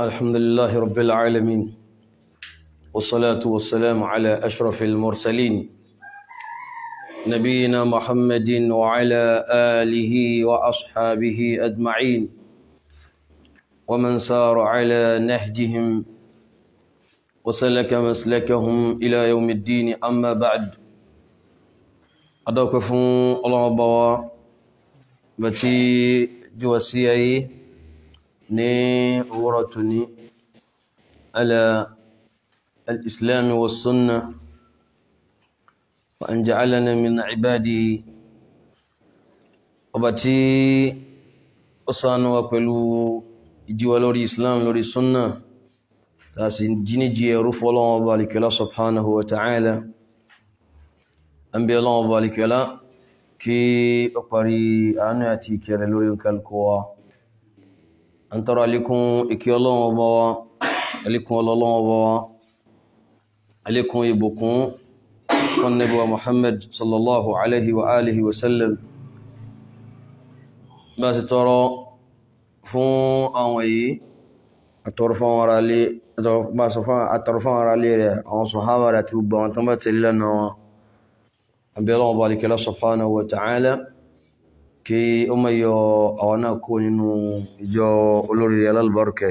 الحمد لله رب العالمين والصلاة والسلام على أشرف المرسلين نبينا محمد وعلى آله وأصحابه أجمعين ومن سار على نهجهم وسلك مسلكهم إلى يوم الدين أما بعد أدوك فون الله بوا بتي جواسيه ní òwúrọ̀ tóní ala al-islam wa sunna wa an ja'alana min ibadi ọba tí ó ṣàánú wa pẹ̀lú ìjíwa lórí islam lórí sunna ta sì jíníjí ẹrú fọ́lọ́wọ́ ọba alikẹ́lá subhanahu wa ta'ala an bí ọlọ́wọ́ ọba alikẹ́lá kí ó àánú àti ìkẹrẹ lórí kálukọ́wàá أنتر عليكم إكيالون أبوا عليكم أولون أبوا عليكم إبوكم كن نبوى محمد صلى الله عليه وآله وسلم بس ترى فون أنوي أترفون رالي بس فون أترفون رالي أن صحابة تبوا أنتم تلي لنا أبيلون بالك الله سبحانه وتعالى kí ó máa yọ àwọn náà kó nínú ìjọ olórí alálùbáríkẹ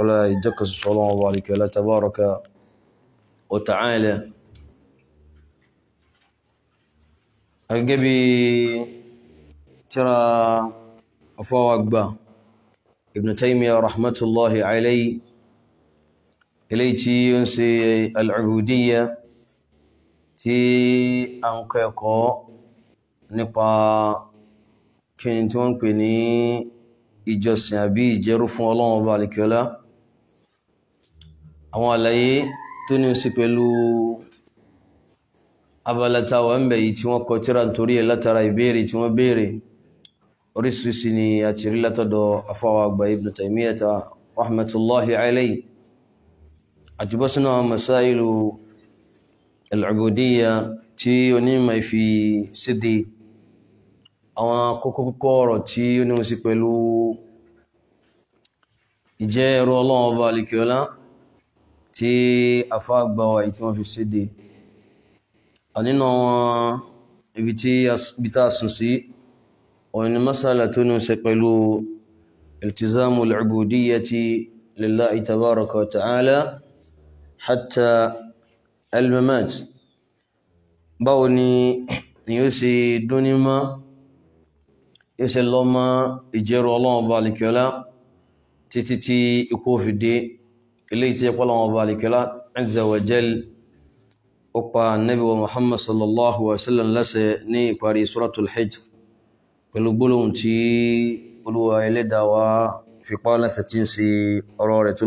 ọlá ìjọ kan ṣoṣo ọlọ́wọ́n ọba àlìkẹ́ ọlá tabaraka wa ta'ala gẹ́gẹ́ bí tíra afọ́wàgbà Ibn Taymiyyah rahmatullahi alayhi eléyìí tí ó ń ṣe al tí a ń kọ́ nípa kí ni tí wọ́n ń pè ní ìjọsìn àbí ìjẹ́rú fún ọlọ́run ọba àlìkíọ́lá àwọn àlàyé tó ní sí pẹ̀lú abala táwa ń bẹ̀ yìí tí wọ́n kọ tírà nítorí ẹ̀ látara ìbéèrè tí wọ́n béèrè oríṣiríṣi ni àtìrí látọ̀dọ̀ afọwọ́ àgbà Ibn Taymiyyah ta rahmatullahi àti bọ́ sínú àwọn masáìlú al-ubudiyya tí onímọ̀ fi sídìí àwọn kókó kókó ọ̀rọ̀ tí ó ní mo sí pẹ̀lú ìjẹ́ ẹrú ọlọ́run ọba alikiola tí afá gba wa èyí tí wọ́n fi ṣéde ànínà wọn ibi tí a sùn sí ọ̀nà masala tó ní mo pẹ̀lú iltizamu al-ubudiyyati lillahi tabaraka wa ta'ala hatta báwo ni yóò ṣe dúnímọ́ ìṣe lọ́mọ ìjẹ́rọ ọlọ́run ọba àlìkíọ́lá títí tí ikú fi dé eléyìí tí ẹ̀pọ̀ ọlọ́run ọba àlìkíọ́lá azza wa jal ó pa nabi wa muhammad sallallahu alaihi wa sallam láṣẹ ní ìparí suratul hajj pẹ̀lú gbólóhùn tí olúwa ẹlẹ́dàá wa fi pa láṣẹ tí ń ṣe ọ̀rọ̀ rẹ̀ tó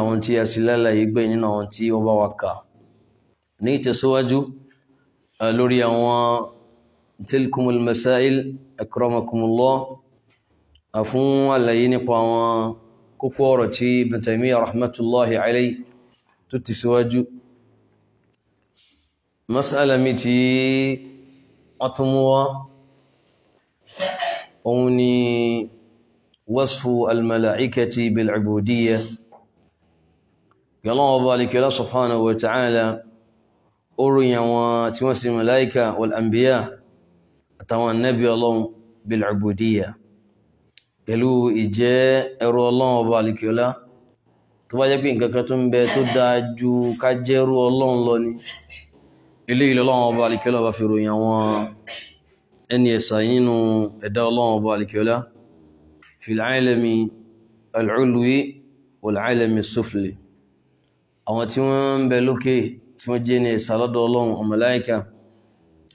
àwọn tí a sì lálàyé gbẹ̀yìn nínú àwọn tí wọ́n bá wa kà ني تسواجو لوريا و تلكم المسائل اكرمكم الله افو وليني قوا كوكورتي ابن تيميه رحمه الله عليه تتسواجو مساله متي اتموا اوني وصف الملائكه بالعبوديه يلا وبارك الله سبحانه وتعالى orin àwọn tí wọ́n sin màláìka wàlàmbíyà àtàwọn anábì ọlọ́run bil'ubudiyya pẹ̀lú ìjẹ́ ẹrú ọlọ́run ọba àlìkíọ́lá tó bá jẹ́ pé nǹkan kan tó ń bẹ tó dáa ju ká jẹ́rú ọlọ́run lọ ni eléyìí lọ́lọ́run ọba àlìkíọ́lá tí wọ́n jẹ́ ní ẹ̀sà lọ́dọ̀ ọlọ́run ọmọláìka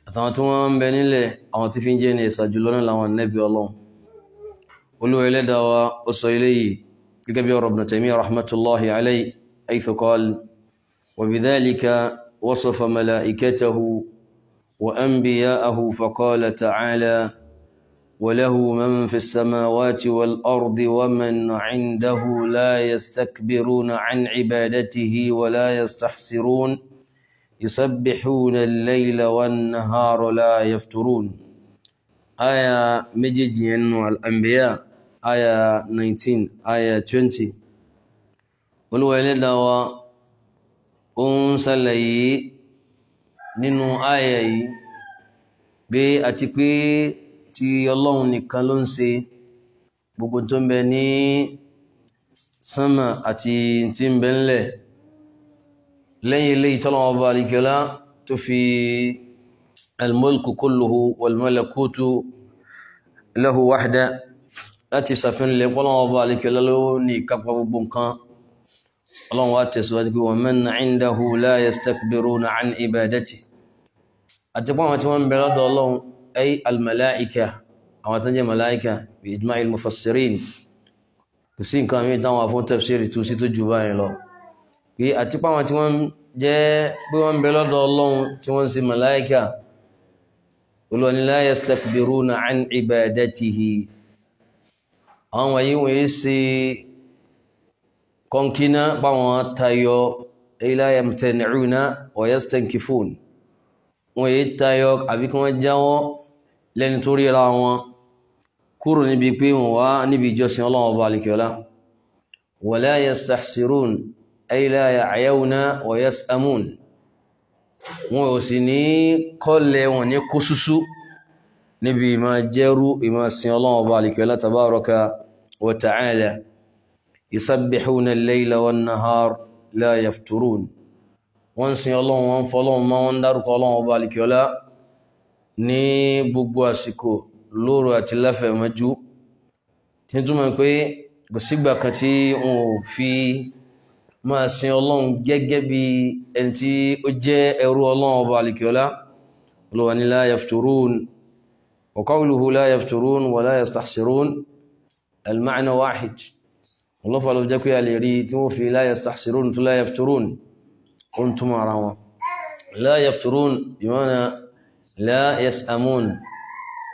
àtàwọn tí wọ́n ń bẹ nílẹ̀ àwọn tí fi ń jẹ́ ní ẹ̀sà jùlọ náà làwọn nẹ́bí ọlọ́run olúwa ẹlẹ́dàá wa ó sọ eléyìí gẹ́gẹ́ bí ọ̀rọ̀ Ibn Taymiyyah rahmatullahi alayhi haythu qala wa bidhalika wasafa malaikatahu wa anbiya'ahu faqala ta'ala وله من في السماوات والأرض ومن عنده لا يستكبرون عن عبادته ولا يستحسرون yusabbihuna al-layla wan-nahara la yafturun aya méjèèjì yẹn aya 19 aya 20 olúwa ẹlẹ́dàá wa ó ń ṣàlàyé nínú aya yìí pé àti pé ti ọlọ́run nìkan ló ń ṣe gbogbo tó ń bẹ ní sánmà àti tí ń bẹ ńlẹ̀ lẹ́yìn eléyìí tọ́lọ́wọ́ ọba àlìkẹ́lá tó fi almulku kulluhu walmalakutu lahu wahda láti ṣàfihàn lè pọ́lọ́wọ́ ọba àlìkẹ́lá ló ní ìkápá gbogbo nǹkan ọlọ́run wá tẹ̀síwájú pé wa man indahu la yastakbiruna an ibadati àti pọ́n tí wọ́n ń bẹ lọ́dọ̀ ọlọ́run ay almalaika àwọn tó ń jẹ́ malaika bi pé àti páwọn tí wọ́n jẹ́ pé wọ́n ń bẹ lọ́dọ̀ ọlọ́run tí wọ́n ń ṣe màláìkà olùwàní la yastakbiruna an ibadatihi àwọn wọ̀nyí wọ̀nyí ṣe kọ́ńkínà báwọn tayọ la yamtani'una wa yastankifun wọ̀nyí tayọ àbí kí wọ́n jáwọ́ lẹ́ni tó ríra wọn kúrò níbi pé wọ́n wá níbi ìjọsìn ọlọ́run ọba àlìkẹ́ọ́lá wala yastahsirun ayla ya'yawna wa yas'amun wọn ò sì ní kọ́lẹ̀ wọn ní kó súsú níbi ìmọ̀ jẹ́rú ìmọ̀ sin ọlọ́run ọba àlìkẹ́lá tabaraka wa ta'ala yusabbihuna al-layla wan-nahar la yafturun wọ́n ń sin ọlọ́run wọn fọlọ́run máa wọ́n dárúkọ ọlọ́run ọba àlìkẹ́lá gbogbo àsìkò lóru àti láfẹ̀mọ́jú tí ń túmọ̀ pé kò sígbà kan tí wọn ò fi máa sin ọlọ́run gẹ́gẹ́ bí ẹni tí ó jẹ́ ẹrú ọlọ́run ọba alikiola olùwàní la yafturun wa qawluhu la yafturun wa la yastahsirun al-ma'na wahid ọlọ́fà ló jẹ́ pé a lè rí tí wọ́n fi la yastahsirun tó la yafturun ó ń túmọ̀ ara wọn la yafturun ìmọ̀nà la yasamun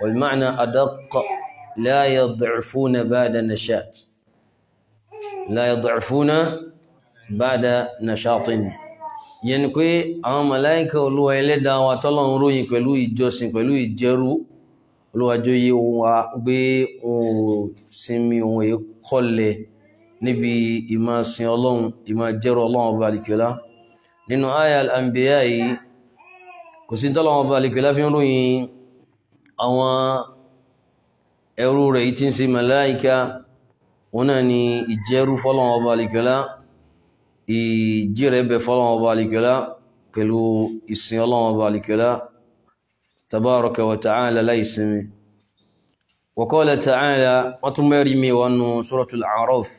wal-ma'na adaq la yad'ufuna bada nashatin yẹn ni pé àwọn màláíkà olúwa ẹlẹ́dàá wa tọ́lọ́run ròyìn pẹ̀lú ìjọsìn pẹ̀lú ìjẹrú olúwàjọ yé wa gbé ohun sinmi ohun èyí kọlẹ̀ níbi ìmá sin ọlọ́run ìmá jẹ́rọ ọlọ́run ọba alìkẹ́lá nínú àyà al-anbiya yìí kò sí tọ́lọ́run ọba alìkẹ́lá fi ń ròyìn àwọn ẹrú rẹ̀ yìí tí ń ṣe màláíkà wọn náà ni ìjẹ́rú fọ́lọ́run ọba alìkẹ́lá يجرب bẹ̀ fọ́lọ́wọ́ لا alìkẹ́lá pẹ̀lú الله ọlọ́wọ́ لا تبارك وتعالى wa ta'ala وقال تعالى وتمرمي وان سورة العرف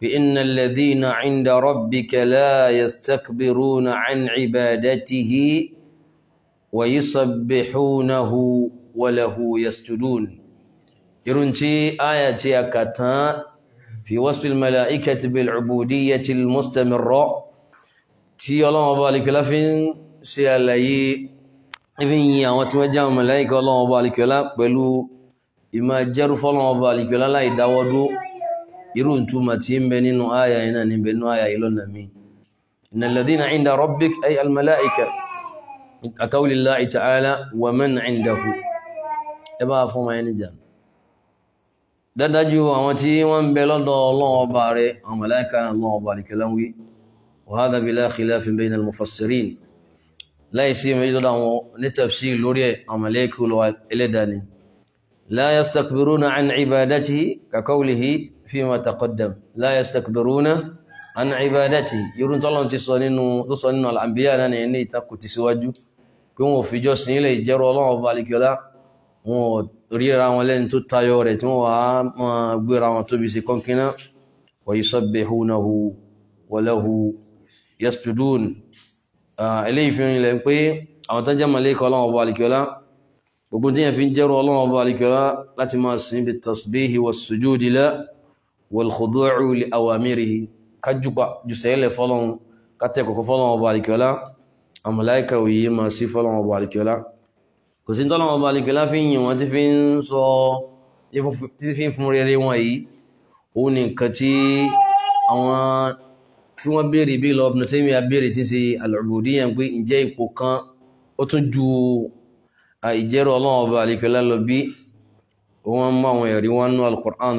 بإن الذين عند ربك لا يستكبرون عن عبادته ويصبحونه وله يسجدون يرونتي آياتي كتان في وصف الملائكة بالعبودية المستمرة tí ọlọ́run ọba alìkọlá fi ń ṣe àlàyé fi ń yin àwọn tí wọ́n jáwọn màláíkà ọlọ́run ọba alìkọlá pẹ̀lú ìmá jẹ́rú fọ́lọ́run ọba alìkọlá láì dáwọ́dó irú ìtumọ̀ tí ń bẹ nínú àyà iná níbẹ̀ nínú àyà ìlọ́nà mi innal ladhina inda rabbik ay al-malaika ka qawli llahi ta'ala wa man indahu ẹ bá dádájú àwọn tí wọ́n ń bẹ lọ́dọ̀ ọlọ́run ọba rẹ̀ àwọn màláíkà ọlọ́run ọba nìkẹ́lá wí wa hadha bila khilafin bayna al-mufassirin láì sí méjì lọ́dọ̀ àwọn nítafsí lórí ẹ̀ àwọn màláíkà olùwà ẹlẹ́dàní la yastakbiruna an ibadatihi ka qawlihi fima taqaddam la yastakbiruna an ibadatihi yorùn tọ́lọ́n ti sọ nínú tó sọ nínú ríra wọn lẹ́ni tó tayọ rẹ̀ tí wọ́n wà á máa gbéra wọn tóbi sí kọ́nkínná wa yusabbihunahu wa lahu yasjudun eléyìí fi rinlẹ̀ pé àwọn tán jẹ́ màlẹ́kọ̀ ọlọ́run ọba àlìkọ́lá gbogbo tí yẹn fi ń jẹ́rọ ọlọ́run ọba àlìkọ́lá láti máa sìn bí kò sí tọ́lọ́wọ́ ọba àlekèlá fi ń yìn wọ́n ti fi ń sọ tí fi ń fún rere wọn yìí òun ni nǹkan tí àwọn tí wọ́n béèrè bí lọ Ibn Taymiya béèrè tí ń ṣe al-ubudiyya pé ǹjẹ́ ipò kan ó tún ju ìjẹ́rọ ọlọ́wọ́ ọba àlekèlá lọ bí wọ́n mú àwọn ẹ̀rí wọn nú al-Qur'an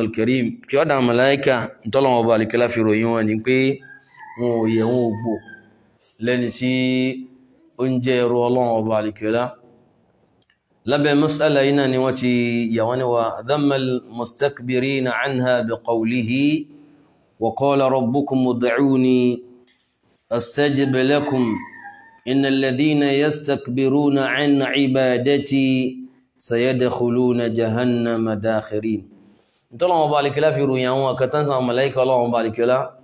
kí ọ̀dà màláìkà tọ́lọ́wọ́ ọba àlekèlá fi ròyìn wọn ni pé wọn ò yẹ wọn ò gbò lẹ́ni tí ó ń jẹ́ ẹrú ọlọ́wọ́ ọba àlekèlá لبى مسألة هنا نوتي يواني وذم المستكبرين عنها بقوله وقال ربكم ادعوني أستجب لكم إن الذين يستكبرون عن عبادتي سيدخلون جهنم داخرين انت اللهم بارك لا في رؤيا وكتنسى ملائكة اللهم بارك لا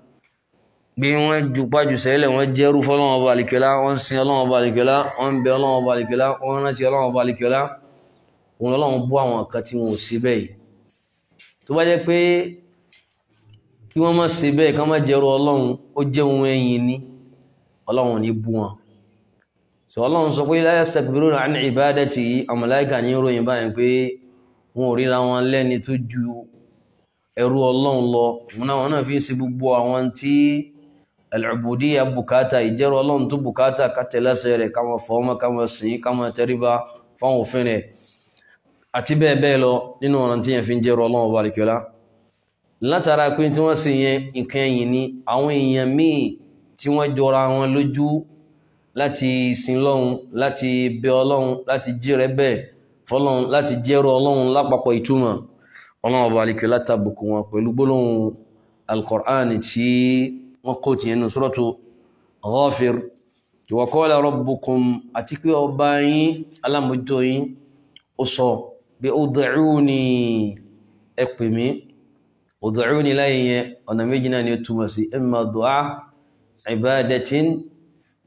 gbé wọn ju pájú sẹ́lẹ̀ wọn jẹ́rú fọlọ́wọn ọba àlìkẹ́lá wọn sin ọlọ́wọn ọba àlìkẹ́lá wọn bẹ ọlọ́wọn ọba àlìkẹ́lá wọn rántí ọlọ́wọn ọba àlìkẹ́lá wọn lọ́wọ́n bú àwọn kan tí wọn ò sí bẹ́ẹ̀ tó bá jẹ́ pé kí wọ́n má ṣe bẹ́ẹ̀ ká má jẹ́rú ọlọ́run ó jẹ́ ohun ẹ̀yìn ni ọlọ́run ní bú wọn sọ ọlọ́run sọ pé la yastakbiruna an ibadati àwọn màláíkà ní ròyìn báyìí pé wọn ò ríra wọn lẹ́ni tó ju ẹrú ọlọ́run lọ wọn náà fi ń ṣe gbogbo àwọn tí al-ubudiyya bùkátà ìjẹ́rọ ọlọ́run tó bùkátà kátẹ́lẹ́sẹ̀ rẹ̀ káwọn fọ́ọ́mọ́ káwọn sìn káwọn tẹríba fáwọn òfin rẹ̀ àti bẹ́ẹ̀ bẹ́ẹ̀ lọ nínú ọ̀nà tí yẹn fi ń jẹ́rọ ọlọ́run ọba àlìkọ́lá látara pé tí wọ́n sì yẹn nǹkan ẹ̀yìn ni àwọn èèyàn míì tí wọ́n jọra wọn lójú láti sin lọ́hun láti bẹ ọlọ́hun láti jẹ́rẹ̀ bẹ́ẹ̀ fọlọ́hun láti jẹ́rọ ọlọ́hun lápapọ̀ ìtumọ̀ ọlọ́run ọba àlìkọ́lá tàbùkù wọn pẹ̀lú gbólóhùn al-Qur'an wọ́n kó tiẹ̀ nù suratu Ghafir wa qala rabbukum àti pé ọba yín alámójútó yín ó sọ pé ud'uni ẹ pè mí ud'uni láyé yẹn ọ̀nà méjì náà ni ó túmọ̀ sí imma du'a ibadatin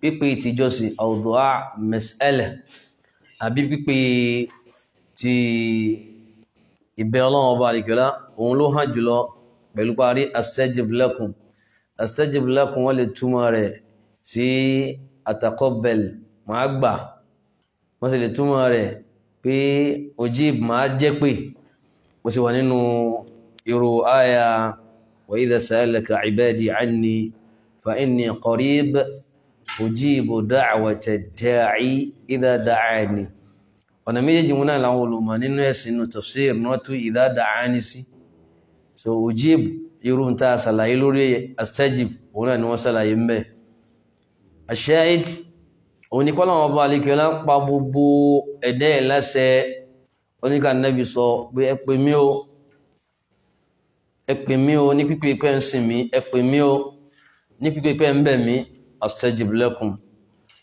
pípé ìtìjọsìn aw du'a mas'ala àbí ìbẹ̀ ọlọ́run ọba àlìkẹ́lá òun ló hàn jùlọ pẹ̀lú parí astajib lakum astajib lakum wọ́n lè túmọ̀ rẹ̀ sí ataqabbal màá gbà wọ́n sì lè túmọ̀ rẹ̀ pé ojib màá jẹ́ pé mo sì wà nínú irú àyà wa idha sa'alaka ibadi anni fa inni qarib ujibu da'wata da'i ọ̀nà méjèèjì wọn náà olùmọ̀ nínú ẹ̀sìn nù tafsir náà sí so ojib irú ń ta àṣàlàyé lórí astajib òun náà ni wọ́n ṣàlàyé ń bẹ̀ ash-shahid òun ni kọ́lọ́wọ́n ọba àlekèọ́lá ń pa gbogbo ẹ̀dẹ́ ẹ̀ láṣẹ oníkà nẹ́bí sọ pé ẹ pè mí o ẹ pè mí o ní pípé pé ń sìn mí ẹ mí o ní pípé pé ń bẹ̀ mí astajib lakum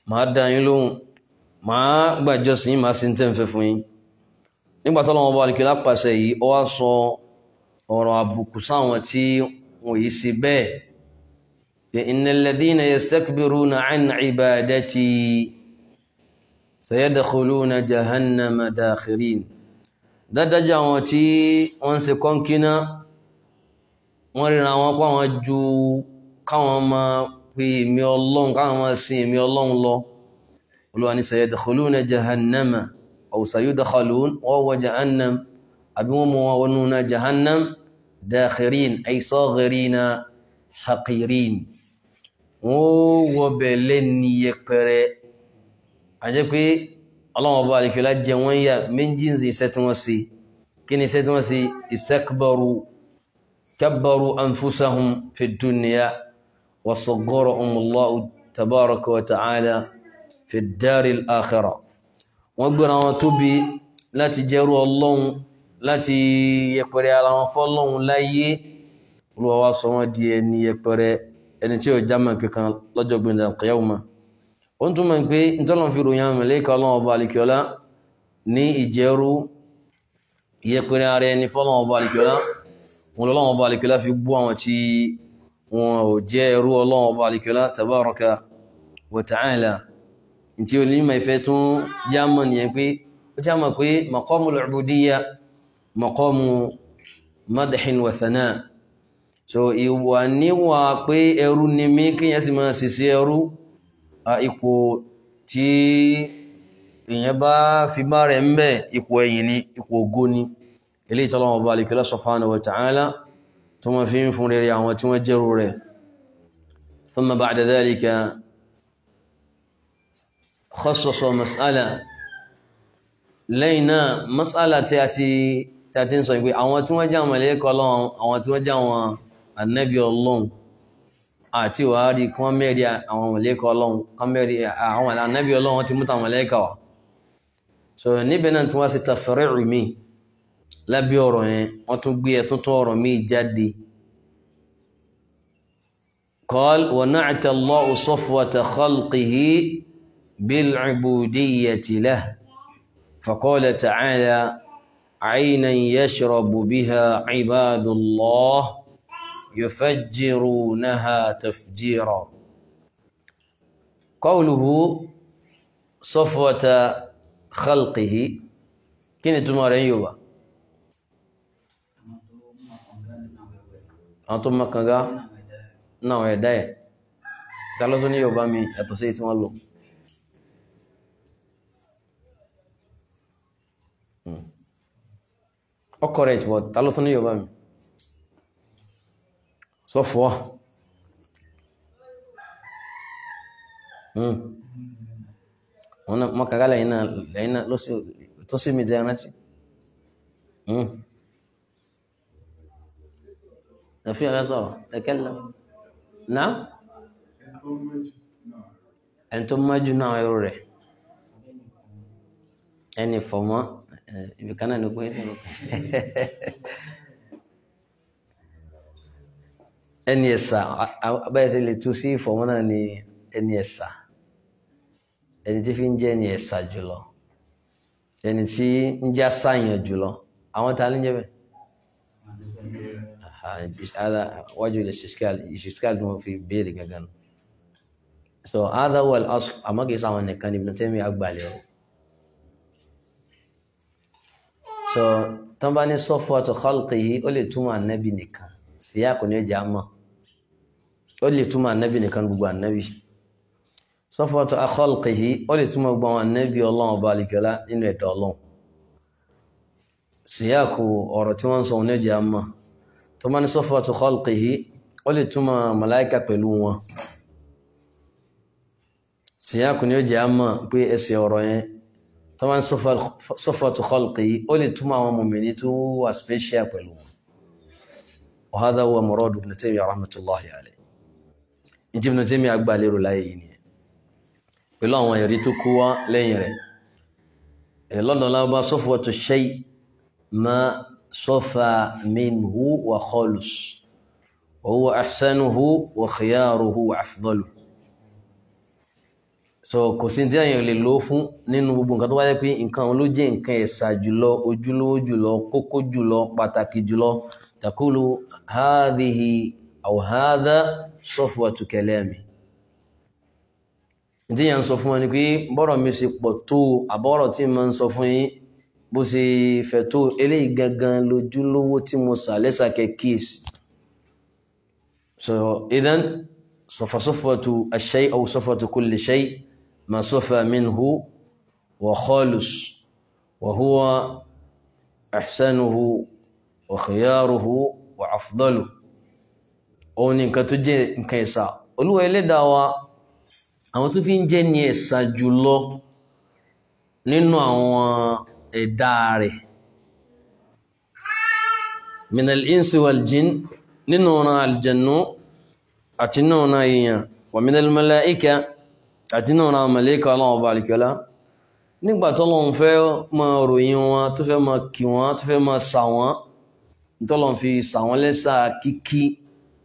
màá dá yín lóhùn màá gbàjọsìn màá sì tẹ́ ń fẹ́ fún yín nígbà tọ́lọ́wọ́n ọba pàṣẹ yìí ó wá sọ ọ̀rọ̀ àbùkù sáwọn tí wọ́n yìí ṣe bẹ́ẹ̀ pé innal ladhina yastakbiruna an ibadati sayadkhuluna jahannama dakhirin dádájọ́ àwọn tí wọ́n ń ṣe kọ́ńkínná wọ́n ríra wọn pa wọn ju káwọn máa pe èmi ọlọ́run káwọn máa sin èmi ọlọ́run lọ olúwa ní sayadkhuluna jahannama aw sayudkhalun wa huwa àbí wọ́n mú wọn wọnú náà jahannam dakhirin ay saghirina haqirin wọ́n wọbẹ̀ lẹ́ni yẹpẹrẹ àjẹ́ pé ọlọ́wọ́n bá àlekèlá jẹ wọ́n yà méjì ń iṣẹ́ tí wọ́n ṣe kí ni iṣẹ́ tí wọ́n ṣe istakbaru kabbaru anfusahum fi dunya wa saggarahum Allahu tabaraka wa ta'ala fi daril akhirah wọ́n gbéra wọn tóbi láti jẹ́rú ọlọ́run láti yẹpẹrẹ ara wọn fọ́lọ́hun láyé olúwa wa sọ wọ́n di ẹni yẹpẹrẹ ẹni tí ó jámà kankan lọ́jọ́ gbìyànjú àkẹyàwó ó ń túmọ̀ pé ìtọ́lọ́n fi ròyìn àmì lẹ́kọ̀ọ́ ọlọ́run ọba àlìkíọ́lá ní ìjẹ́rú yẹpẹrẹ ara ẹni fọ́lọ́run ọba àlìkíọ́lá wọn lọ́lọ́run ọba àlìkíọ́lá fi bú àwọn tí wọn ò jẹ́ ẹrú ọlọ́run ọba àlìkíọ́lá maqamu madhin wa so ìwà níwà pé ẹrú ni mí kíyàn sì máa sisi ẹrú ipò tí èyàn bá fi bá rẹ̀ ń bẹ̀ ipò ẹ̀yìn ni ipò ògo ni ilé ìtọ́lọ́wọ́ bá lè kílá subhanahu wa ta'ala tó ma fi tàti ń sọ pé àwọn tí wọ́n jẹ́ àwọn mọ̀lẹ́kọ̀ ọlọ́run àwọn tí wọ́n jẹ́ àwọn ànábì ọlọ́run àti ìwádìí kí wọ́n mẹ́rin àwọn mọ̀lẹ́kọ̀ ọlọ́run kán mẹ́rin àwọn ànábì ọlọ́run ti mú tàwọn mọ̀lẹ́kọ̀ wá so níbẹ̀ náà tí wọ́n ṣe tafri'u mi lábẹ́ ọ̀rọ̀ yẹn wọ́n tún gbé ẹ tuntun ọ̀rọ̀ mi jáde qal wa na'ata Allahu safwata khalqihi bil 'ubudiyyati lahu faqala عينا يشرب بها عباد الله يفجرونها تفجيرا قوله صفوة خلقه كين تمارين يوبا أنتم مكانك نعم يداي تلازوني يوبا مي أتوسيت مالو or correct but ta ló tún ní yorùbá mi sọ fọ wọn náà mọ kàkà lẹ́yìn náà lẹ́yìn náà lọsí tó sí mi jẹun rántí ẹfí hmm. ẹrẹ sọ̀rọ̀ tẹkẹ lọ náà ẹni tó mọjú náà ẹrú rẹ ẹni fọmọ. Eh, ibikana kana kuhizunguka ẹni ẹ̀sà báyìí sí lè tú sí ìfọ̀mọ́ ni ẹni ẹ̀sà ẹni tí fi ń jẹ́ ẹni ẹ̀sà jùlọ ẹni tí ń jẹ́ àṣàyàn jùlọ àwọn ta ló ń jẹ́ so hada wal asl àmọ́ kìí sáwọn nìkan sọ tán bá ní sọ́fọ́ àtọ̀ khalqihi ó lè túmọ̀ ànábì nìkan síyá kò ní ẹ̀jẹ̀ á mọ̀ ó lè túmọ̀ ànábì nìkan gbogbo ànábì sọ́fọ́ àtọ̀ khalqihi ó lè túmọ̀ gbogbo àwọn ànábì ọlọ́run ọba àlìkọ́lá nínú ẹ̀dá ọlọ́run síyá kò ọ̀rọ̀ tí wọ́n ń sọ ní ẹ̀jẹ̀ mọ̀ tó ní sọ́fọ́ àtọ̀ khalqihi ó lè túmọ̀ màláìka pẹ̀lú wọn síyá kò ní ẹ̀jẹ̀ mọ̀ pé ẹsẹ̀ ọ̀rọ̀ yẹn tọ́wọ́n sọ́fọ́tù kọ́lùkì ó lè túmọ̀ àwọn mọ̀mìnì tó wà special pẹ̀lú wọn ọ̀hádà wà mọ̀rọ́dù Ibn Taymiyyah rahmatullahi alayhi ní tí Ibn Taymiyyah àgbà lérò láyé yìí nìyẹn pẹ̀lú àwọn ẹ̀rí tó kú wá lẹ́yìn rẹ̀ lọ́dọ̀ sọ́fọ́tù shay ma sọ́fà minhu wa khalus wa huwa ahsanuhu wa khiyaruhu wa so kò sí tí àyàn lè lò ó fún nínú gbogbo nǹkan tó wáyé pé nǹkan ló jẹ́ nǹkan ẹ̀sà jùlọ ojúlówó jùlọ kókó jùlọ pàtàkì jùlọ takulu hadhihi aw hadha safwatu kalami tí yàn ń sọ fún wọn ni pé bọ́rọ̀ mi ṣe pọ̀ tó àbọ̀rọ̀ tí mo ń sọ fún yín bó ṣe fẹ̀ tó eléyìí gangan lójúlówó tí mo sà lẹ́sàkẹ́ kíyèsí so idan safwatu ash-shay aw safwatu kulli shay. ما صفى منه وخالص وهو أحسنه وخياره وأفضله òun ni nǹkan tó jẹ́ nǹkan ẹ̀sà olúwa ẹlẹ́dàá wa àwọn tó fi ń jẹ́ ni ẹ̀sà jùlọ nínú àwọn ẹ̀dá rẹ̀ minal insi wal jin nínú ọ̀nà àlìjẹ̀nú àti nínú ọ̀nà èèyàn wa minal malaika àti náà ra màláíkà ọlọ́run ọba àlìkọ́lá nígbà tọ́lọ́run fẹ́ máa ròyìn wọn tó fẹ́ máa kì wọ́n tó fẹ́ máa sà wọ́n tọ́lọ́run fi sà wọ́n lẹ́sà kíkí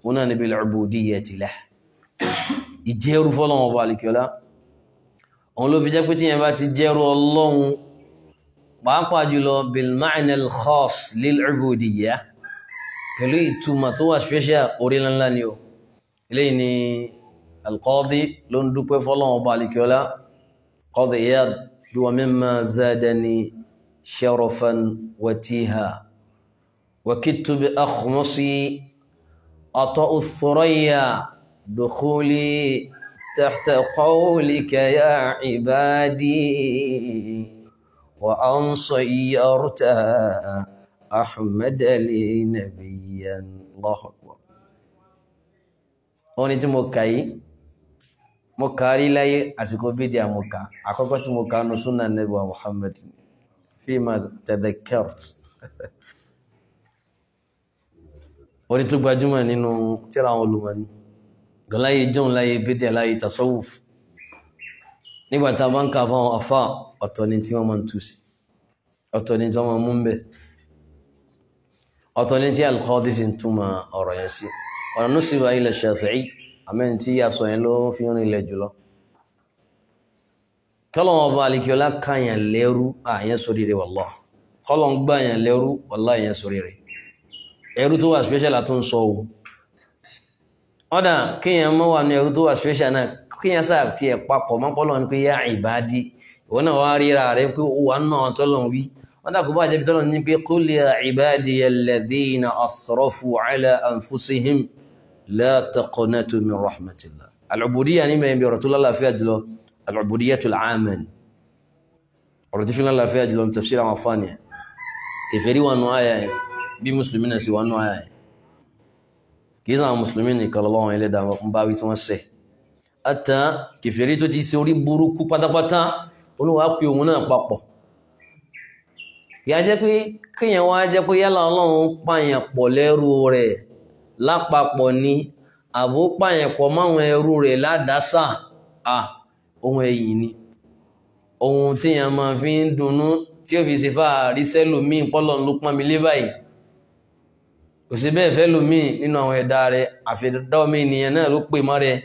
wọn náà níbi al-ubudiyyati lah ìjẹ́rú fọ́lọ́run ọba àlìkọ́lá òun ló fi jẹ́ pé tíyẹn bá ti jẹ́rú ọlọ́run pàápàá jùlọ bil-ma'na al-khass lil-ubudiyyah pẹ̀lú ìtumọ̀ tó wà special orí ni o eléyìí ni القاضي لون دوبو فلان وبالك ولا قاضي إياد مما زادني شرفا وتيها وكدت بأخمصي أطأ الثريا دخولي تحت قولك يا عبادي وأن صيرت أحمد لي نبيا الله أكبر أوني تموكاي mo kà á rí láyé àsìkò bídí àmọ́ kà àkọ́kọ́ tí mo kà á súnà nẹ́bí wa Muhammad fi ma tadhakkart orí tó gbajúmọ̀ nínú tíra àwọn olùmọ̀ni gọláyé john láyé bídí láyé tasawuf nígbà tá fáwọn afá ọ̀tọ̀ ni tí wọ́n máa ń tú sí ọ̀tọ̀ ni tí wọ́n máa mú ń bẹ̀ ọ̀tọ̀ ni tí al-Qadi sì ń túmọ̀ ọ̀rọ̀ yẹn sí ọ̀rọ̀ nusiba ila Shafi'i àmẹ́ni tí aṣọ yẹn ló fi ń rinlẹ̀ jùlọ kọ́lọ̀wọ́n ọba alikiola kàyàn lẹ́rú àyẹn sórí rẹ̀ wọ́lọ́ kọ́lọ̀n gbàyàn lẹ́rú wọ́lá àyẹn sórí rẹ̀ ẹrú tó wà special àtún sọ o ọ̀dà kíyàn mọ́ wà ní ẹrú tó wà special náà kíyàn sáà ti ẹ̀ papọ̀ mọ́pọ́lọ́ ní pé yá ìbádí ìwọ náà wá ríra rẹ̀ pé ó wà náà tọ́lọ̀ wí ọ̀dà kò bá jẹ́bi tọ́lọ̀ ní pé qul ya ibadiya alladhina asrafu ala anfusihim la taqnatu min rahmatillah al-ubudiyya ní mẹ́rin bí ọ̀rọ̀ tó lálàáfíà jùlọ al-ubudiyyatu al-aamah ọ̀rọ̀ tí fi lálàáfíà jùlọ tafsir àwọn afáàní kèfèrí wà nù àyà ẹ̀ bí mùsùlùmí náà sì wà nù àyà ẹ̀ kìí sàn àwọn mùsùlùmí nìkan lọ́wọ́ ẹlẹ́dàá ń bá wí tí wọ́n ṣẹ̀ àtàn kèfèrí tó ti ṣe orí burúkú pátápátá olúwa pe òun náà papọ̀ ìyá jẹ́ pé kéèyàn wá jẹ́ pé yálà ọlọ́run pààyàn pọ̀ lẹ́rù rẹ̀ lápapọ̀ ni àbó pààyànpọ̀ máwọn ẹrú rẹ̀ ládàásà à ohun ẹ̀yìn ni ohun téèyàn máa fi ń dunnú tí ó fi ṣe fáàrí sẹ́lòmíì pọ́lọ̀ ló pọ́n mi lé báyìí kò sí bẹ́ẹ̀ fẹ́ lòmíì nínú àwọn ẹ̀dá rẹ̀ àfẹ́dá ọmọ ènìyàn náà ló pè mọ́ rẹ̀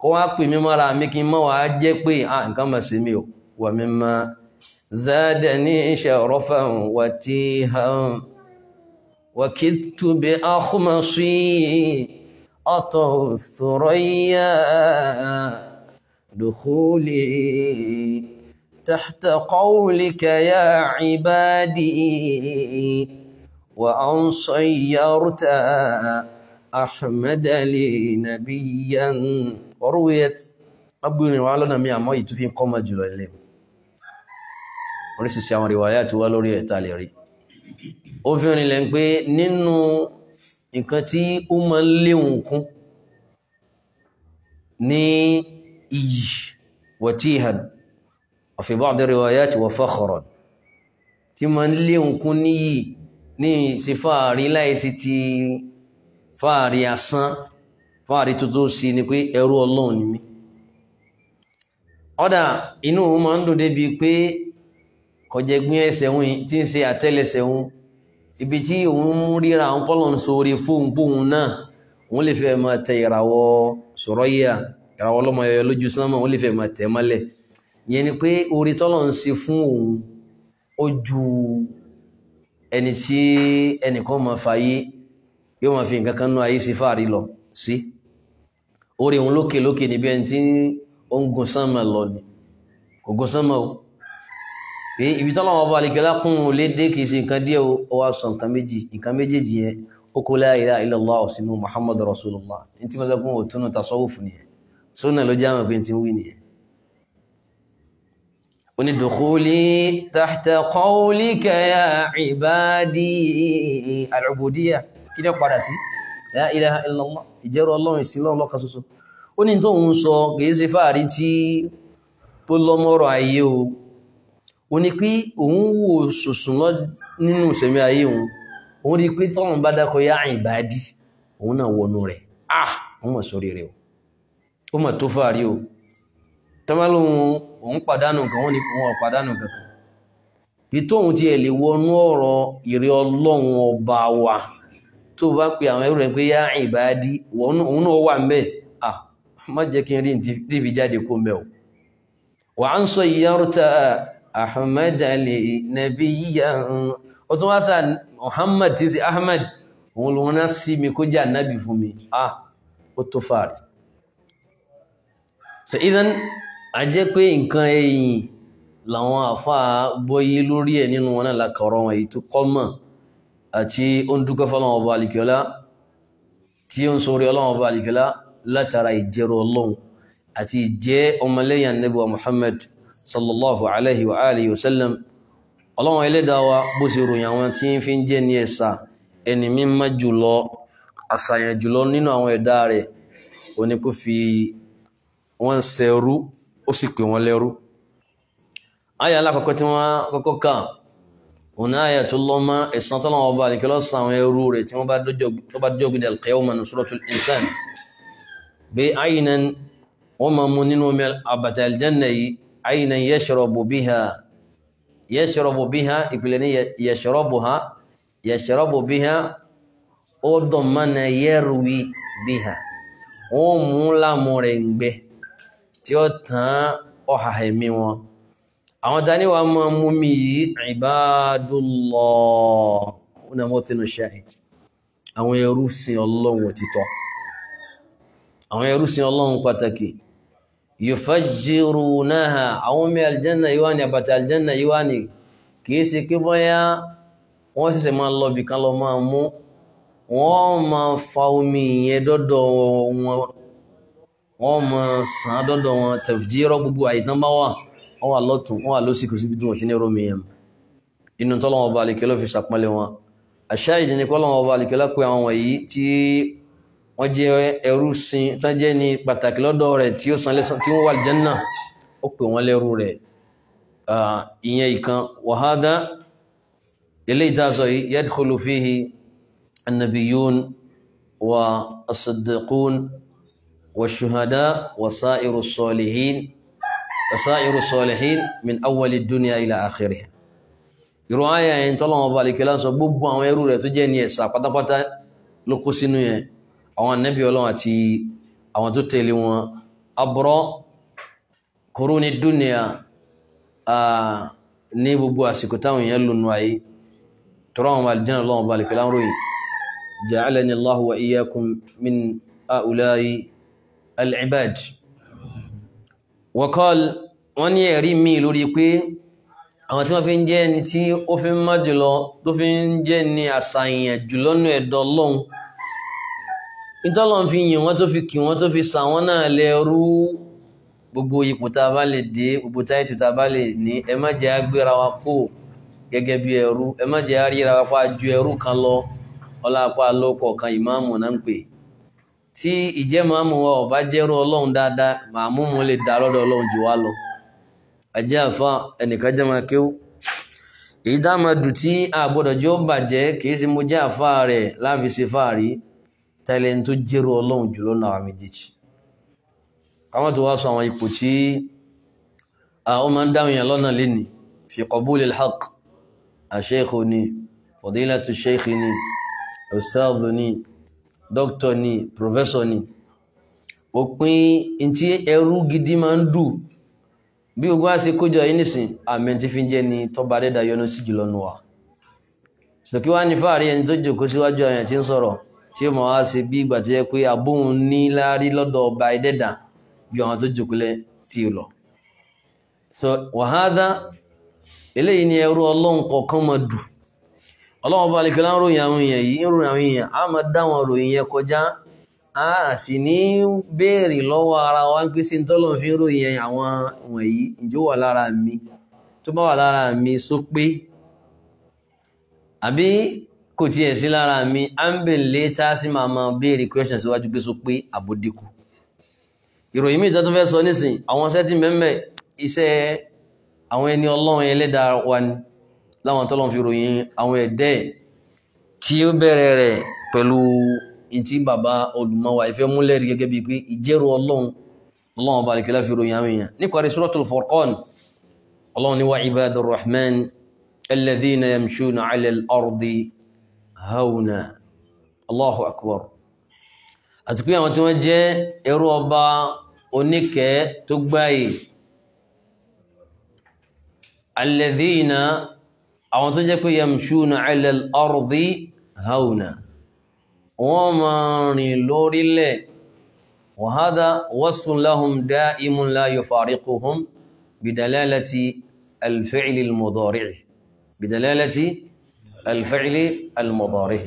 kó wá pè mí mọ́ra mi kí n mọ́ wàá jẹ́ pé à nǹkan mọ̀ sí mi ò wà mí mọ́ zadani sharafan wa tihan. وكدت بأخمصي أطر الثريا دخولي تحت قولك يا عبادي وأن صيرت أحمد لي نبيا ورويت أبونا وعلنا ميا ميت في قوم جلالهم ونسي سيام روايات ولوري تالي òfin onílẹ̀ ń pé nínú nǹkan tí ó ma ń ni kún ní iyì watihan wa fi ba'di ti wa fakhran tí máa ń léwùn kún ní ti fáàrí asán fáàrí tó tó sí ni pé ẹrú ọlọ́run ni mí ọ̀dà inú ma ń dùn débi pé kọjẹgbín ẹsẹ̀ wọn tí ń ibi tí òun ríra àwọn kọ́lọ̀n sórí fóun póun náà òun lè fẹ́ máa tẹ ìràwọ̀ Suraya ìràwọ̀ ọlọ́mọ yọyọ lójú sánmà òun lè fẹ́ máa tẹ̀ mọ́lẹ̀ ìyẹn ni pé orí tọ́lọ̀ ń ṣe fún òun ó ju ẹni tí ẹnìkan máa fàyè yóò máa fi nǹkan kan nú ayé sí fáàrí lọ sí orí òun lókè lókè níbi ẹni tí ó ń gun sánmà lọ ni kò gun sánmà o pé ibi tọ́lọ́wọ́ bá alìkẹ́lá kún un léde kìí ṣe nǹkan díẹ̀ ó wá sọ nǹkan méjì nǹkan méjèèjì yẹn ó kó la ilaha illallah sínú muhammad rasulullah ní tí mọ́sá kún òtúnú tasawuf nìyẹn sunna ló jẹ́ pé ti ń wí ni padà sí la ilaha illallah ó pé òun wò sùsùn lọ nínú ìsẹ̀mí ayé òun òun rí pé tọ́lọ́run bá dákọ̀ yá ìbádí òun náà wọnú rẹ̀ ah òun mọ̀ sórí rẹ̀ o mọ̀ tó fàárí o tọ́mọ́lóhun òun pàdánù nǹkan wọ́n ní òun ọ̀pàdánù kankan bí ti tiẹ̀ lè wọnú ọ̀rọ̀ ìrẹ́ ọlọ́run ọba wa tó bá pe àwọn rẹ̀ pé yá òun náà wà ah má jẹ́ kí n rí jáde kó ahmed ali nabiya ó tún wá sá muhammad tí sí ahmed òun ló wọn sí mi kó jẹ́ ànábì fún mi ah ó tó fàárì so idan a jẹ́ pé nǹkan ẹ̀yìn làwọn àfáà gbọ́yé lórí ẹ̀ nínú wọn náà lákọ̀ọ́rọ̀ wọn èyí tó kọ́ mọ̀ àti ó ń dúpẹ́ fọ́lọ́wọ́ ọba àlìkẹ́lá tí ó ń sọ̀rọ̀ ọlọ́wọ́ ọba àlìkẹ́lá látara ìjẹ́rọ ọlọ́run àti ìjẹ́ ọmọlẹ́yìn ànábì wa muhammad sallallahu alayhi wa alihi wa sallam ọlọ́run ẹlẹ́dàá wa bó ṣe ròyìn àwọn tí ń fi ń jẹ́ ní ẹ̀sà ẹni mímọ́ jùlọ àṣàyàn jùlọ nínú àwọn ẹ̀dá rẹ̀ ó ní kó fi wọ́n ṣẹrú ó sì pè wọ́n lẹ́rú àyà alákọ̀ọ́kọ́ tí wọ́n kọ́kọ́ kà mú nínú omi àbàtà al yìí aina yashrabu biha yashrabu biha ìpìlẹ̀ ní yashrabuha yashrabu biha ó dọ̀mọ́nà biha o mú tí ó tán ọ̀hà ẹ̀mí wọn wa máa mú ibadullah ó nà mọ́ tẹnu ṣáàhìd àwọn ẹrú sin ọlọ́run òtítọ́ àwọn yufajirunaha àwọn ọmọ aljanna yíwá ni àbàtà aljanna yíwá ni kìí ṣe kí bọ́yá wọ́n ṣẹ̀ṣẹ̀ máa lọ bìkan lọ máa mú wọ́n máa fa omi yẹn dọ́dọ̀ wọn wọ́n máa sàn án dọ́dọ̀ wọn tafjiro gbogbo àyíkán bá wà wọ́n wà lọ́tún wọ́n wà lọ́sí kò síbi tí wọ́n ní wọ́n jẹ́ ẹrú sin tán jẹ́ ní pàtàkì lọ́dọ̀ rẹ̀ tí ó san lẹ́san tí wọ́n wà Janna ó pè wọ́n lẹ́rú rẹ̀ ìyẹn ìkan wàhádá ilé ìtàzọ̀ yìí yadkhulu fihi annabiyun wa ìrọ̀ ayà yẹn tọ́lọ́wọ́ bá gbogbo àwọn ẹrú rẹ̀ tó jẹ́ ní ẹ̀sà pátápátá ló kó sínú yẹn àwọn ànábì ọlọ́run àti àwọn tó tẹ̀lé wọn abọ́rọ́ kúrúni dúnìá ní gbogbo àsìkò táwọn èèyàn lò nù ayé tọrọ àwọn alìjẹ́nà ọlọ́run balẹ̀ pẹ̀lú àwọn ròyìn ja'alani Allahu wa iyyakum min àwọn tí wọ́n fi ń jẹ́ ẹni tí ó fi ń má jùlọ tó fi ń jẹ́ ni àṣàyàn jùlọ nù ẹ̀dọ́ ọlọ́run ìtọ́lọ́n fi yìn wọ́n tó fi kì wọ́n tó fi sà wọ́n náà lẹ́rú gbogbo ipò tá a bá lè dé gbogbo táìtù tá a bá lè ní ẹ má jẹ́ agbéra wa kó gẹ́gẹ́ bí ẹrú ẹ má jẹ́ aríra wa pa ju ẹrú kan lọ ọlápá lọ́pọ̀ kan ìmáàmù náà ń pè tí ìjẹ́ màmú wa ọ̀bá jẹ́rú ọlọ́run dáadáa màmú mu lè dá lọ́dọ̀ ọlọ́run jù wá lọ ajé àfa ẹnìkan jẹ́ máa kéwú èyí dá máa dùn tí àgbọ̀dọ̀ bàjẹ́ kì í ṣe mo jẹ́ àfa rẹ̀ láàbí ṣe fáàrí tẹ́lẹ̀ tó jẹ́rú ọlọ́run jùlọ náà méjèèjì káwọn tó wá sọ àwọn ipò tí àwọn máa ń dáhùn yẹn lọ́nà lénìí fi qabuli al-haq àṣẹ́kù ni fadilatu sheikh ni ustadh ni doctor ni professor ni òpin ntí ẹrú gidi máa ń dù bí ogun á ṣe kójọ yìí nìsín àmì tí fi jẹ́ ni tọ́ba adẹ́dá yọnu sí jùlọ nù wá sókè wá ní fáàrí ẹni tó jòkó síwájú àyàn tí ń sọ̀rọ̀ tí ó mọ̀ wá sí bí ìgbà yẹ pé ọba ẹ̀dẹ́dà bi àwọn tó jòkúlẹ̀ tí lọ. so wàhádá eléyìí ni ẹrú ọlọ́run kọ̀ọ̀kan mọ̀ dù ọlọ́run ọba àlekèlá ń ròyìn àwọn èèyàn yìí ń ròyìn àwọn èèyàn á máa dá ròyìn yẹn kọjá á sì ní ara wa ń kò tiẹ̀ sí lára mi à ń bè létà sí màá máa béèrè question síwájú pé so pé àbòdìkù ìròyìn mi ìtàn tó fẹ́ sọ nísìnyí àwọn iṣẹ́ tí mẹ́mẹ́ iṣẹ́ àwọn ẹni ọlọ́run ẹlẹ́dàá wa ni láwọn tọ́lọ́n fi ròyìn àwọn ẹ̀dẹ́ tí ó bẹ̀rẹ̀ rẹ̀ pẹ̀lú ìtí bàbá olùmọ̀wà ìfẹ́ múlẹ̀rí gẹ́gẹ́ bíi pé ìjẹ́rù ọlọ́run ọlọ́run ọba àlìkẹ́lá fi ròyìn àwọn èèyàn níparí suratul Furqan ọlọ́run ní wa ibadur rahman alladhina yamshuna ala al-ardi هونا الله أكبر أتكلم أنت مجا إروبا ونكا تكباي الذين أو تجاكو يمشون على الأرض هونا وما نلور اللي وهذا وصف لهم دائم لا يفارقهم بدلالة الفعل المضارع بدلالة alfẹ́ẹ̀lì almọ̀bọ̀rẹ́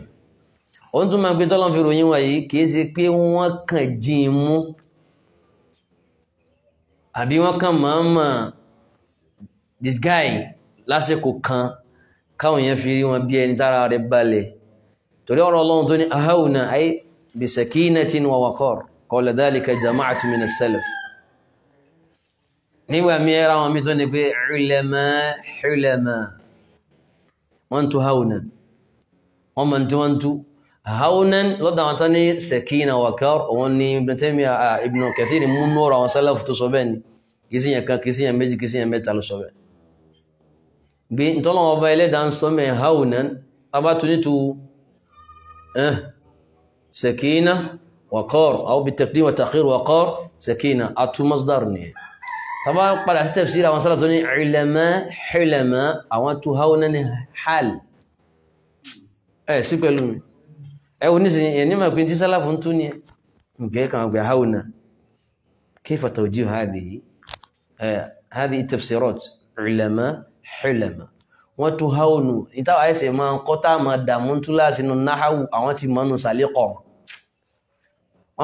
òun tún máa gbé tọ́lọ́n fi ròyìn wáyé kìí ṣe pé wọ́n kàn jín mú àbí wọ́n kàn máa mọ̀ this guy lásìkò kan káwọn èèyàn fi rí wọn bí ẹni tára rẹ̀ balẹ̀ torí ọ̀rọ̀ ọlọ́run tó ní ahauna ay bisakinatin wa waqar qala dhalika jama'atu min as-salaf nígbà mi ẹra wọn mi tó ní pé hulama hulama وأنت هونا وما أنت وأنت هونا لدى عطاني سكينة وكار واني ابن تيمية ابن كثير من نورا وصلاف تصبين كيسين يكا كيسين يميجي كيسين يميت على صبين بي انتولا وبايلة دان سومي هونا أباتو نتو اه سكينة وقار أو بالتقديم والتأخير وقار سكينة أتو مصدرني tàbá padà sí tafsir àwọn sálà tó ní ìlẹ̀mọ́ ìlẹ̀mọ́ àwọn tó háwọn náà ní hàl ẹ̀ sí pẹ̀lú mi ẹ̀ wọ́n nísìnyí ẹ̀ ní màá pé tí sálà fún tún ní ǹkẹ́ kan àgbẹ̀ háwọn náà kayfa tawjih hadhihi hadhihi tafsirat ìlẹ̀mọ́ ìlẹ̀mọ́ wọ́n tó háwọn nù ìtawà ẹ̀sẹ̀ wọ́n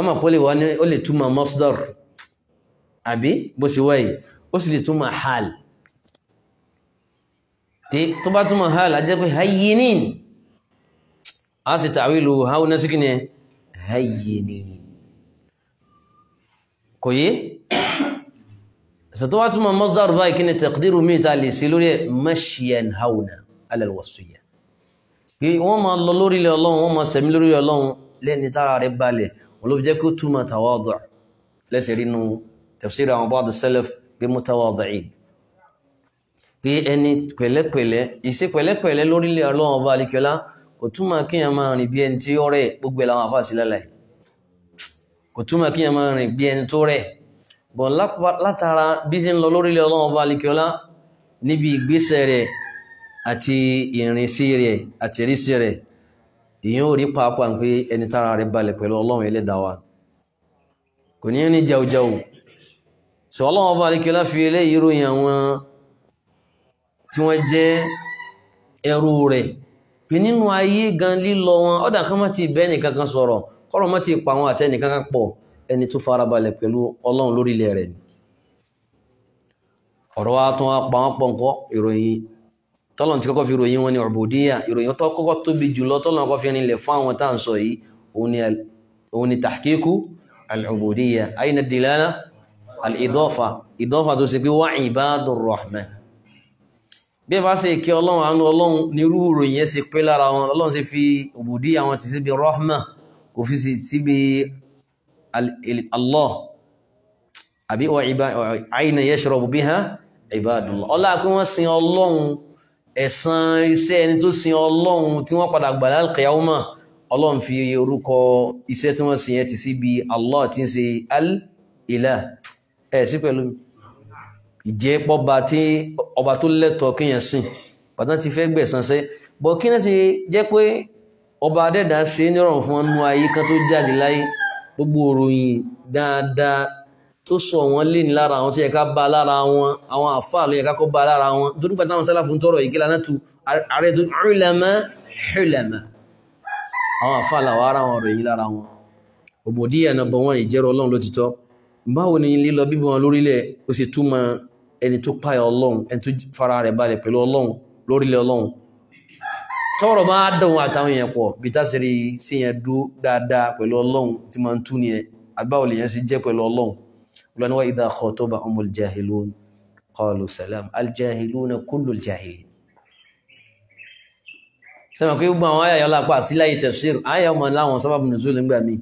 mọ̀ ó lè túmọ̀ masdar àbí bó ṣe wáyé ó sì lè túmọ̀ hal tó bá túmọ̀ hal ajẹ́ pé hayyinin a sì ta'wilu hau na síkí ni hayyinin kò yé sọ̀tọ́ wá túmọ̀ masdar báyìí kí ni taqdiru mi ta lè sí lórí mashyan hauna ala al-wasiyya pé wọ́n máa lọ lórí ilẹ̀ ọlọ́run wọ́n máa sẹ̀mí lórí ọlọ́run lẹ́ni tára rẹ̀ balẹ̀ olóbi jẹ́ kó túmọ̀ tawadu' lẹ́sẹ̀ rínú tafsira عن بعض السلف بمتواضعين. mutawadi'in bí ẹni pẹ̀lẹ́pẹ̀lẹ́ ìṣe pẹ̀lẹ́pẹ̀lẹ́ lórílẹ̀ ọlọ́run ọba àlekẹlá kò túmọ̀ kéèyàn máa rìn bí ẹni tí ó rẹ̀ gbogbo ẹ̀ làwọn àfáà sí lálẹ́ kò túmọ̀ kéèyàn máa rìn bí ẹni tó rẹ̀ bọ̀ látara bí ṣe ń lọ lórílẹ̀ ọlọ́run ọba àlekẹlá níbi ìgbésẹ̀ rẹ̀ àti ìrìnsí rẹ̀ àti ìrísí rẹ̀ èyàn ò rí pàápàá pé ẹni tára rẹ̀ balẹ̀ pẹ̀lú ọlọ́run ẹlẹ́dàá wa kò ní ní jẹujẹu sọ ọlọ́wọ́n bá alékẹ́lá fi eléyìí ròyìn àwọn tí wọ́n jẹ́ ẹrú rẹ̀ pé nínú ayé gan lílọ wọn ọ̀dà kan má ti bẹ́ẹ̀ nìkan kan sọ̀rọ̀ kọ́rọ̀ má ti pa àwọn àtẹnìkan kan pọ̀ ẹni tó farabalẹ̀ pẹ̀lú ọlọ́run lórí ilẹ̀ rẹ̀ ọ̀rọ̀ wa tún pa wọ́n pọ̀ nǹkan ìròyìn tọ́lọ̀ tí kọ́kọ́ fi ròyìn al-ubudiyya ayna dilala al-idofa idofa tó ṣe pé wá ibadur rahman bí ẹ bá ṣe ìkẹ́ ọlọ́run àánú ọlọ́run nírú ìròyìn yẹn ṣe pé lára wọn ọlọ́run ṣe fi òbòdí àwọn ti síbi rahman kò fi síbi allah àbí àìnà yashrabu biha ibadullah ọlá pé wọ́n sin ọlọ́run ẹ̀san iṣẹ́ ẹni tó ẹ̀ sí pẹ̀lú mi ìjẹ́ pọ́ba tí ọba tó lẹ́tọ̀ọ́ kéèyàn sìn bàtà ti fẹ́ gbẹ̀sán sẹ́ bọ́ kí náà sì jẹ́ pé ọba adẹ́dà ṣe ní ọ̀rọ̀ fún ọnú ayé kan tó jáde láyé gbogbo òròyìn dáadáa tó sọ wọn lé ní lára àwọn tó yẹ ká bá lára wọn àwọn àfáà ló yẹ ká kọ́ bá lára wọn tó nípa táwọn sálàfún tọrọ yìí náà tu ààrẹ tó hulama hulama àwọn àfáà làwọn ará wọn ọ̀rọ̀ lára wọn òbòdíyà náà bọ wọn ìjẹ́rọ ọlọ́run ló ti tọ́ báwo ni lílọ bíbí wọn lórílẹ̀ ó sì túmọ̀ ẹni tó páyà ọlọ́run ẹni tó fara rẹ̀ balẹ̀ pẹ̀lú ọlọ́run lórílẹ̀ ọlọ́run tọ́rọ̀ bá dùn àtàwọn èèyàn pọ̀ bí tásìrí sí yẹn dú dáadáa pẹ̀lú ọlọ́run tí máa ń tú ni ẹ àbáwò lèèyàn sì jẹ́ pẹ̀lú ọlọ́run lọ́nà wá idha khatabahum al-jahilun qalu salam al-jahiluna kullu al-jahilin sọ́mọ̀ pé gbogbo àwọn àyà yọ lápá síláyé tafsir àyà ọmọ láwọn sábàbù nùzúlù nígbà míì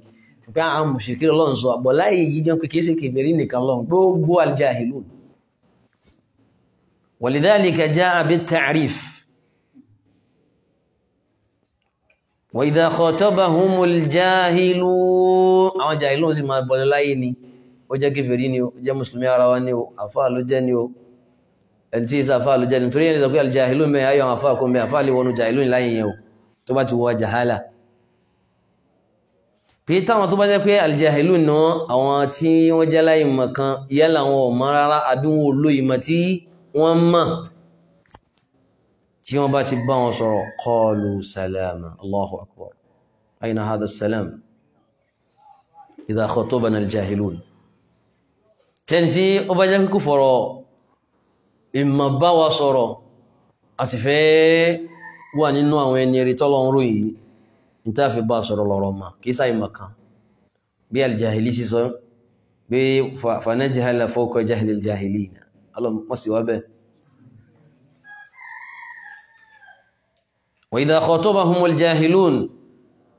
pé àwọn mùsùlùmí lọ́n sọ àbọ̀ láyé yìí jẹ́ pé kìí ṣe kèbèrè nìkan lọ́n gbogbo aljahilun walidhalika jaa bit-ta'rif wa idha khatabahumul jahilun àwọn jahilun sì máa bọ̀lẹ̀ láyé ni ó jẹ́ kèbèrè ni ó jẹ́ mùsùlùmí ara wa ni ó àfáà ló jẹ́ ni ó ẹni tí ìsà àfáà ló jẹ́ ni torí ẹni tó pé aljahilun mẹ́ ayọ̀ àfáà kò mẹ́ àfáà lè wọnú jahilun láyé yẹn ó tó bá ti wọ jahala kìí táwọn tó bá jẹ́ pé alìjàhìlú ni wọ́n àwọn tí wọ́n jẹ́ láìmọ̀ kan yálà wọn ò mọ̀ rárá àdúgbò ló ìmọ̀ tí wọ́n mọ̀ tí wọ́n bá ti bá wọn sọ̀rọ̀ qalu salama allahu akbar aina hadha salam idha khatabana aljahilun tẹ́ǹsí ó bá jẹ́ pé kò fọ̀rọ̀ ìmọ̀ bá wa sọ̀rọ̀ àti fẹ́ wà nínú àwọn ẹni rí tọ́lọ́run ròyìn níta fi bá a sọ̀rọ̀ lọ́rọ̀ mà kì í sáyé mà kan bí aljahili sì sọ pé fanajhala fawqa jahli aljahilina ọlọ́mọ pọ̀ sí wa bẹ́ẹ̀. wa idha khatabahum aljahilun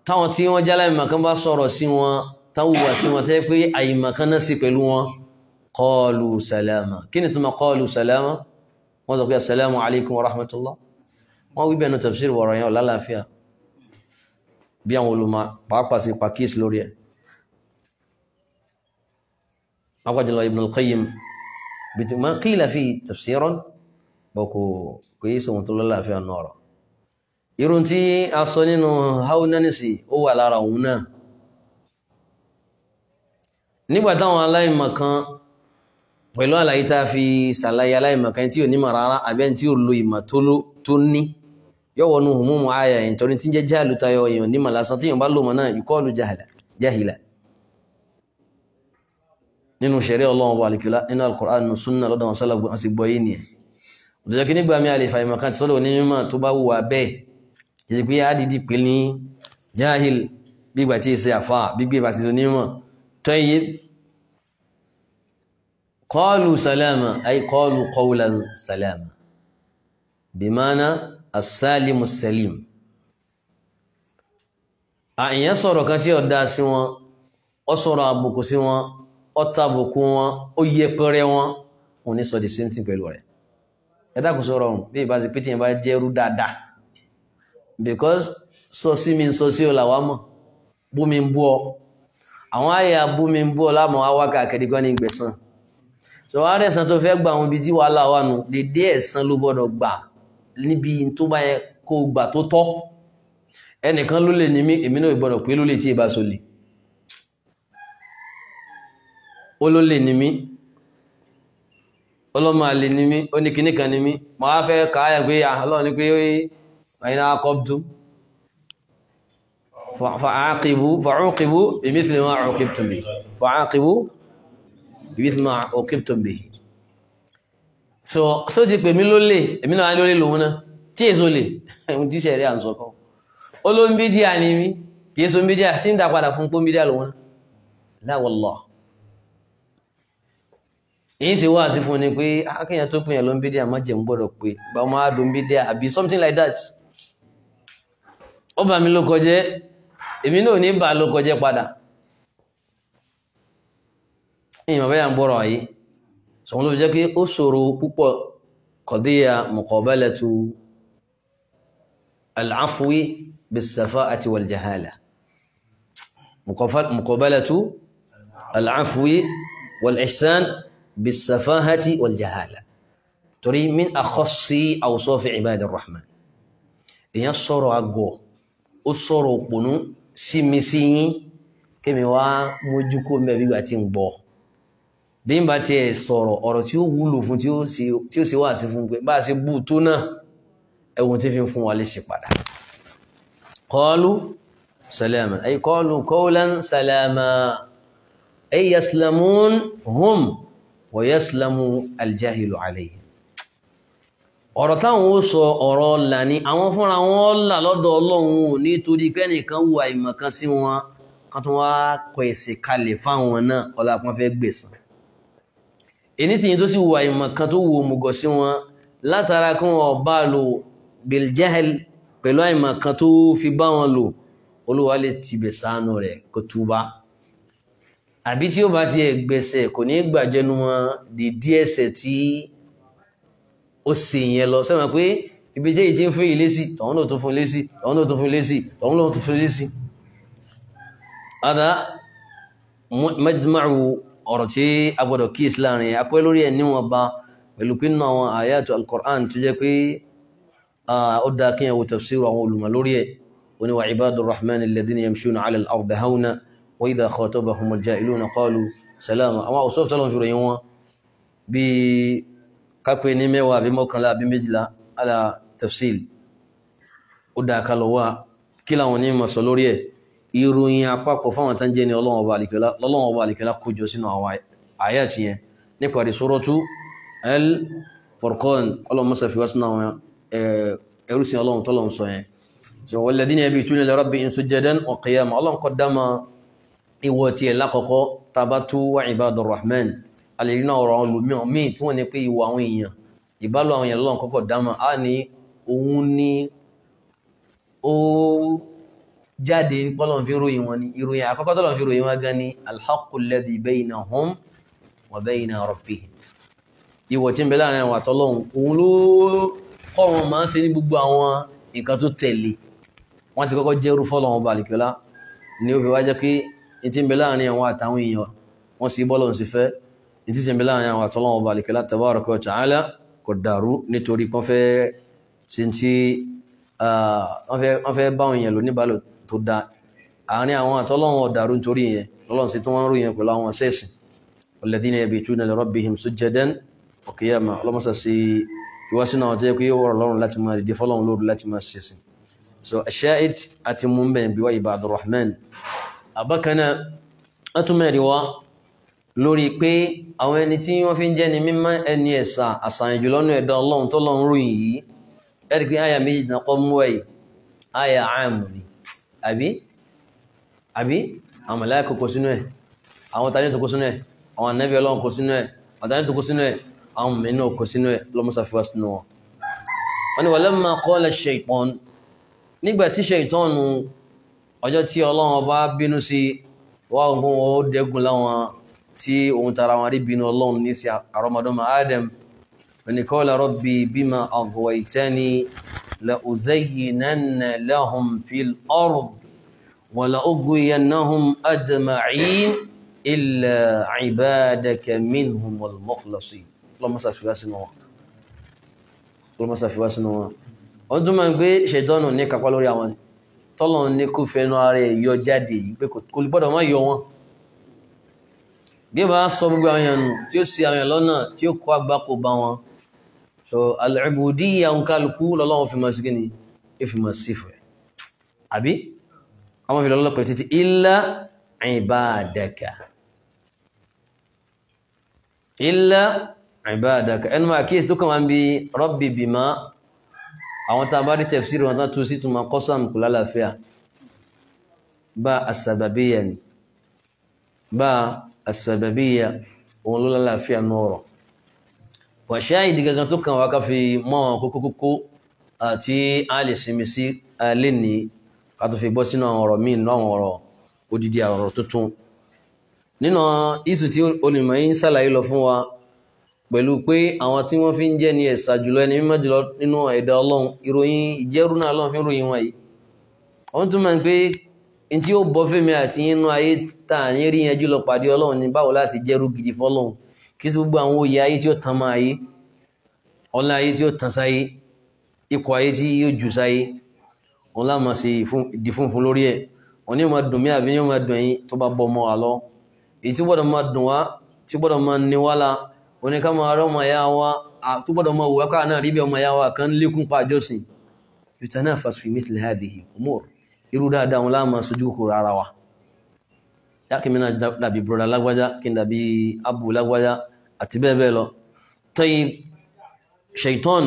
táwọn tí wọ́n jálá ìmọ̀kan bá sọ̀rọ̀ sí wọn táwọn wà sí wọn tẹ́ pé àìmọ̀kan náà sí pẹ̀lú wọn qalu salama kí ni túnmọ̀ qalu salama wọ́n sọ pé assalamu alaikum wa rahmatullah wọ́n wí bẹ́ẹ̀ ní tafsir wọ̀rọ̀ yẹn ọ̀lálàáfíà bí àwọn olùmọ̀ pàápàá sí pàkíyèsí lórí ẹ̀ pàápàájùlọ Ibn al-Qayyim ma qila fi tafsiran bọ́ kò kò yí sọ̀rọ̀ tó lọ́la àfihàn náà ọ̀rọ̀ irun tí a sọ nínú haunanisi ó wà lára òun náà nígbà táwọn aláìmọ̀kan pẹ̀lú àlàyé tá fi ṣàlàyé aláìmọ̀kan tí ò ní mọ̀ rárá àbẹ́ tí ò lo ìmọ̀ tó ní yóò wọnú hùmúmù àyà yẹn torí tí ń jẹ́ jáàlù tayọ èèyàn nímọ̀ lásán tí èèyàn bá lò mọ̀ náà ìkọlù jahila nínú ṣẹ̀rí ọlọ́run ọba àlìkìlá nínú alkùrán nínú súnà lọ́dọ̀ wọn sọ́lá wọn sì gbọ́ yìí nìyẹn òjòjọ́ kí nígbà mi àlè fàìmọ̀ kan ti sọ́dọ̀ onímọ̀ tó bá wù wá bẹ́ẹ̀ kìí pé àdìdì pé ní jahil gbígbà tí ìṣe àfà gbígbé bá ti onímọ̀ tó yẹ kọlù salama ay kọlù qawlan salama asálìmù sẹ́lìm àìyàn sọ̀rọ̀ kan tí ó dá sí wọn ó sọ̀rọ̀ àbùkù sí wọn ó tàbùkù wọn ó yẹpẹrẹ wọn òun ní sọ the same thing pẹ̀lú rẹ̀ ẹ sọ̀rọ̀ ọ̀hún bí ìbá ti pété yẹn bá jẹ́rú dáadáa because sọ sí mi sọ sí ọ làwa mọ̀ bú mi bú ọ àwọn àyà bú mi bú ọ láàmú wá káàkiri gan ní gbẹ̀san sọ wá rẹ̀ san tó fẹ́ gbà àwọn ibi tí wàhálà wà nù dédé ẹ̀san ló gbọ́dọ̀ gbà níbi tó bá yẹ kó gbà tó tọ́ ẹnìkan ló lè ní mí èmi náà gbọ́dọ̀ pé ló lè tí ì bá so lè ó ló lè ní mí ọlọ́mọ àlè ní mí ó ní kinní kan ní mí mo wá fẹ́ káyà pé ah, ọlọ́run ní pé àyínà akọ́bdú fa'aqibu fa'uqibu ma uqibtum so so ti pe mi lo le emi na lo le lohun na ti e so le un ti se re an so ko olohun bi di ani mi ti e so mbidiya si a da pada fun mbidiya bi di lohun la wallah in se wa si fun ni pe a ah, ke yan to pe yan lo bi ma je n gboro pe ba ma do abi something like that o ba mi lo ko emi na ni ba pada eyin mo be gboro yi sọ̀rọ̀ ló fi jẹ́ pé ó ṣòro púpọ̀ kọ̀díyà muqabalatu al-afwi bis-safa'ati wal-jahala muqabalatu al-afwi wal-ihsan bis-safa'ati wal-jahala torí min akhassi awsafi ibadi rahman èèyàn sọ̀rọ̀ àgọ̀ ó sọ̀rọ̀ òpònú sí mi wá mójú kó mẹ́bí gbà tí ń gbọ́ bí n bá tiẹ̀ sọ̀rọ̀ ọ̀rọ̀ tí ó wúlò fún tí ó ṣe wá sí fún pé bá a ṣe bú tó náà ẹ̀wọ̀n tí fi ń fún wa lè ṣe padà qalu salama ay qalu qawlan salama ay yaslamun hum wa yaslamu aljahilu alayhi ọ̀rọ̀ táwọn ó sọ ọ̀rọ̀ ọ̀là ni àwọn fúnra wọn ọ̀là lọ́dọ̀ ọlọ́run ò nítorí pẹ́nìkan wà ìmọ̀kan sí wọn kan tó wá kọ ẹ̀sìn fáwọn náà ọlá fẹ́ gbẹ̀san ẹni tí yẹn tó sì wà ìmọ̀ kan tó wù òmùgọ̀ sí wọn látara kí wọn bá lò biljahel pẹ̀lú àìmọ̀ kan tó fi bá wọn lò olúwa lè tibẹ̀ sànù rẹ̀ kó túbá àbí tí ó bá tiẹ̀ gbẹ̀sẹ̀ kò ní gbàjẹnu wọn dìdí ẹ̀ṣẹ̀ tí ó sì yẹn lọ sẹ́wọ̀n pé ibi jẹ́ ìdí ń fún ìlésì tọ̀hún ló tún fún ìlésì tọ̀hún ló tún fún ìlésì tọ̀hún ló tún fún ìlésì. ada majma'u ọ̀rọ̀ tí a gbọ́dọ̀ kí ìsìláàrin apẹ́ lórí ẹ̀ níwọ̀n ba pẹ̀lú pé nínú àwọn àyàtò alkọ̀rán tó jẹ́ pé ó dá kí ẹ̀wò tafsir àwọn olùmọ̀ lórí ẹ̀ oníwà ibadur rahman alladhina yamshuna ala al-ardi hawna wa idha khatabahum al-jahiluna qalu salama àwọn òṣòf tọ́lọ̀ fi ròyìn wọn bí kápẹ́ ní mẹ́wàá àbí mọ́kànlá àbí méjìlá ala tafsir ó dá kalọ̀ wá kí làwọn ní mọ̀ lórí ẹ̀ ìròyìn àpapọ̀ fáwọn tán jẹ́ ni ọlọ́wọ́n ọba àlìkẹ́lá kójọ sínú àwọn àyàtì yẹn nípa rí suratu al-Furqan ọlọ́mọsà fi wá sínú àwọn ẹrùsìn ọlọ́run tọ́lọ́run sọ yẹn so walladhina yabituna li rabbihim sujjadan wa qiyama ọlọ́run kọ́ dáma ìwọ ti ẹ̀ lákọ̀ọ́kọ́ tabatu wa ibadur rahman alèrí náà ọ̀rọ̀ àwọn jáde pọ́lọ̀n fi ròyìn wọn ni ìròyìn àkọ́kọ́ tọ́lọ̀n fi ròyìn wọn gan ni alhaqqu alladhi baynahum wa bayna rabbihim ìwọ̀ tí ń bẹ láàrin àwọn àtọ́lọ́hun òun ló kọ́ wọn máa ń ṣe ní gbogbo àwọn nǹkan tó tẹ̀lé wọ́n ti kọ́kọ́ jẹ́rú fọ́lọ̀hun balikiola ni ó fi wá jẹ́ pé ní ń bẹ láàrin àwọn àtàwọn èèyàn wọ́n sì bọ́lọ̀n sì fẹ́ ní tí ń bẹ láàrin àwọn àtọ́lọ́hun balikiola tabaraka wa ta'ala kò dàrú nítorí kan fẹ́ ṣe ti ah, wọ́n fẹ́ báwọn èèyàn lò níbàlò tó dá àárín àwọn àtọ́lọ́wọ̀n ọ̀dàrú nítorí yẹn lọ́lọ́n sí tí wọ́n ń ròyìn pẹ̀lú àwọn sẹ́ẹ̀sì alladhina yabituna li rabbihim sujjadan wa qiyama ọlọ́mọsà sí ìwá sínú àwọn tó yẹ kó yóò wọ̀rọ̀ lọ́rùn láti máa dìde fọ́lọ́run lóru láti máa sẹ́sì so asha'id àti mumbai bí wá ibadur rahman abakana atúmẹ̀rí wa lórí pé àwọn ẹni tí wọ́n fi ń jẹ́ ni mímọ́ ẹni ẹ̀sà àṣàyàn jùlọ nínú ẹ̀dá ọlọ́run tó lọ́run ròyìn yìí ẹ̀rí pé àyà méjì náà kọ́ mú ẹ̀yìn àyà àmì àbí àbí àwọn màláíkà kò sínú ẹ̀ àwọn tani tó kó sínú ẹ̀ àwọn ànábì ọlọ́run kò sínú ẹ̀ àwọn tani tó kó sínú ẹ̀ àwọn mẹ́nu kò sínú ẹ̀ lọ́mọ́sáfíwá sínú wọn. wọ́n ní walamma qala shaytan nígbà tí shaytan ọjọ́ tí ọlọ́run bá bínú sí wá ogun ó dẹ́gun láwọn tí òun tara wọn rí bínú ọlọ́run ní sí àrọ́mọdọ́mọ Adam wọ́n ní qala rabbi bima aghwaytani لأزينن لهم في الأرض ولأغوينهم أجمعين إلا عبادك منهم المخلصين اللهم صل في واسنا اللهم صل في واسنا wọ́n tún máa ń gbé ṣètọ́nù ní kápá lórí àwọn tọ́lọ̀ ní kó fẹnu ara yọ jáde yìí pé kò gbọ́dọ̀ má yọ wọn bí ó bá sọ gbogbo àwọn èèyàn tí ó ṣì àwọn èèyàn lọ́nà tí ó kó àgbákò bá wọn so al'ubudiyya ń kálukú lọ́lọ́wọ́ fi máa sí gíní ifi máa sí fẹ́ àbí ọmọ fi lọ́lọ́pẹ̀ títí illa ibadaka illa ibadaka ẹnu máa kíyèsí tó kàn máa ń bi rabbi bima àwọn tá a bá rí tafsir wọn tán sí tún máa kọ́sàn kù lálàáfíà bá as ni bá as òun ló lálàáfíà nù wàṣáàìdì gangan tó kàn wá ká fi mọ́ kókókókó àti a lè sinmi sí alẹ́ ní ká tó fi gbọ́ sínú àwọn ọ̀rọ̀ míì náà àwọn ọ̀rọ̀ odidi ọ̀rọ̀ tuntun nínú isu tí olùmọ̀ yìí ń ṣàlàyé lọ fún wa pẹ̀lú pé àwọn tí wọ́n fi ń jẹ́ ni ẹ̀sà jùlọ ẹni mímọ́ jùlọ nínú ẹ̀dá ọlọ́run ìròyìn ìjẹ́rú náà lọ́n fi ń ròyìn wọn yìí wọ́n tún máa ń pé n tí ó bọ́ fẹ́mi àti inú ayé tá à ní rí yẹn jùlọ pàdé ọlọ́run ni báwo láti jẹ́rú gidi fọ́lọ́run kí sí gbogbo àwọn oyè ayé tí ó tán máa yé ọlá ayé tí ó tán sáyé ipò ayé tí yóò jù sáyé wọn láàmà sí ìdìfúnfún lórí ẹ̀ wọn ní máa dùn mí àbí ní máa dùn ẹ̀yin tó bá bọ́ ọmọ wa lọ èyí tí gbọ́dọ̀ máa dùn wá tí gbọ́dọ̀ máa ní wá la wọn ní ká máa rọ́ ọmọ ẹ̀yà wa tó gbọ́dọ̀ máa wùwá káà náà rí bí ọmọ ẹ̀yà wa kan lékún pa àjọsìn yutanafasu fi mithli hadhihi umur irú dáadáa wọn láàmà sojú kòkòrò ara wa dákìmínà dàbí bùrọ̀dà lágbájá kí n dàbí abu lágbájá àti bẹ́ẹ̀ bẹ́ẹ̀ lọ tẹ́yìn ṣèitán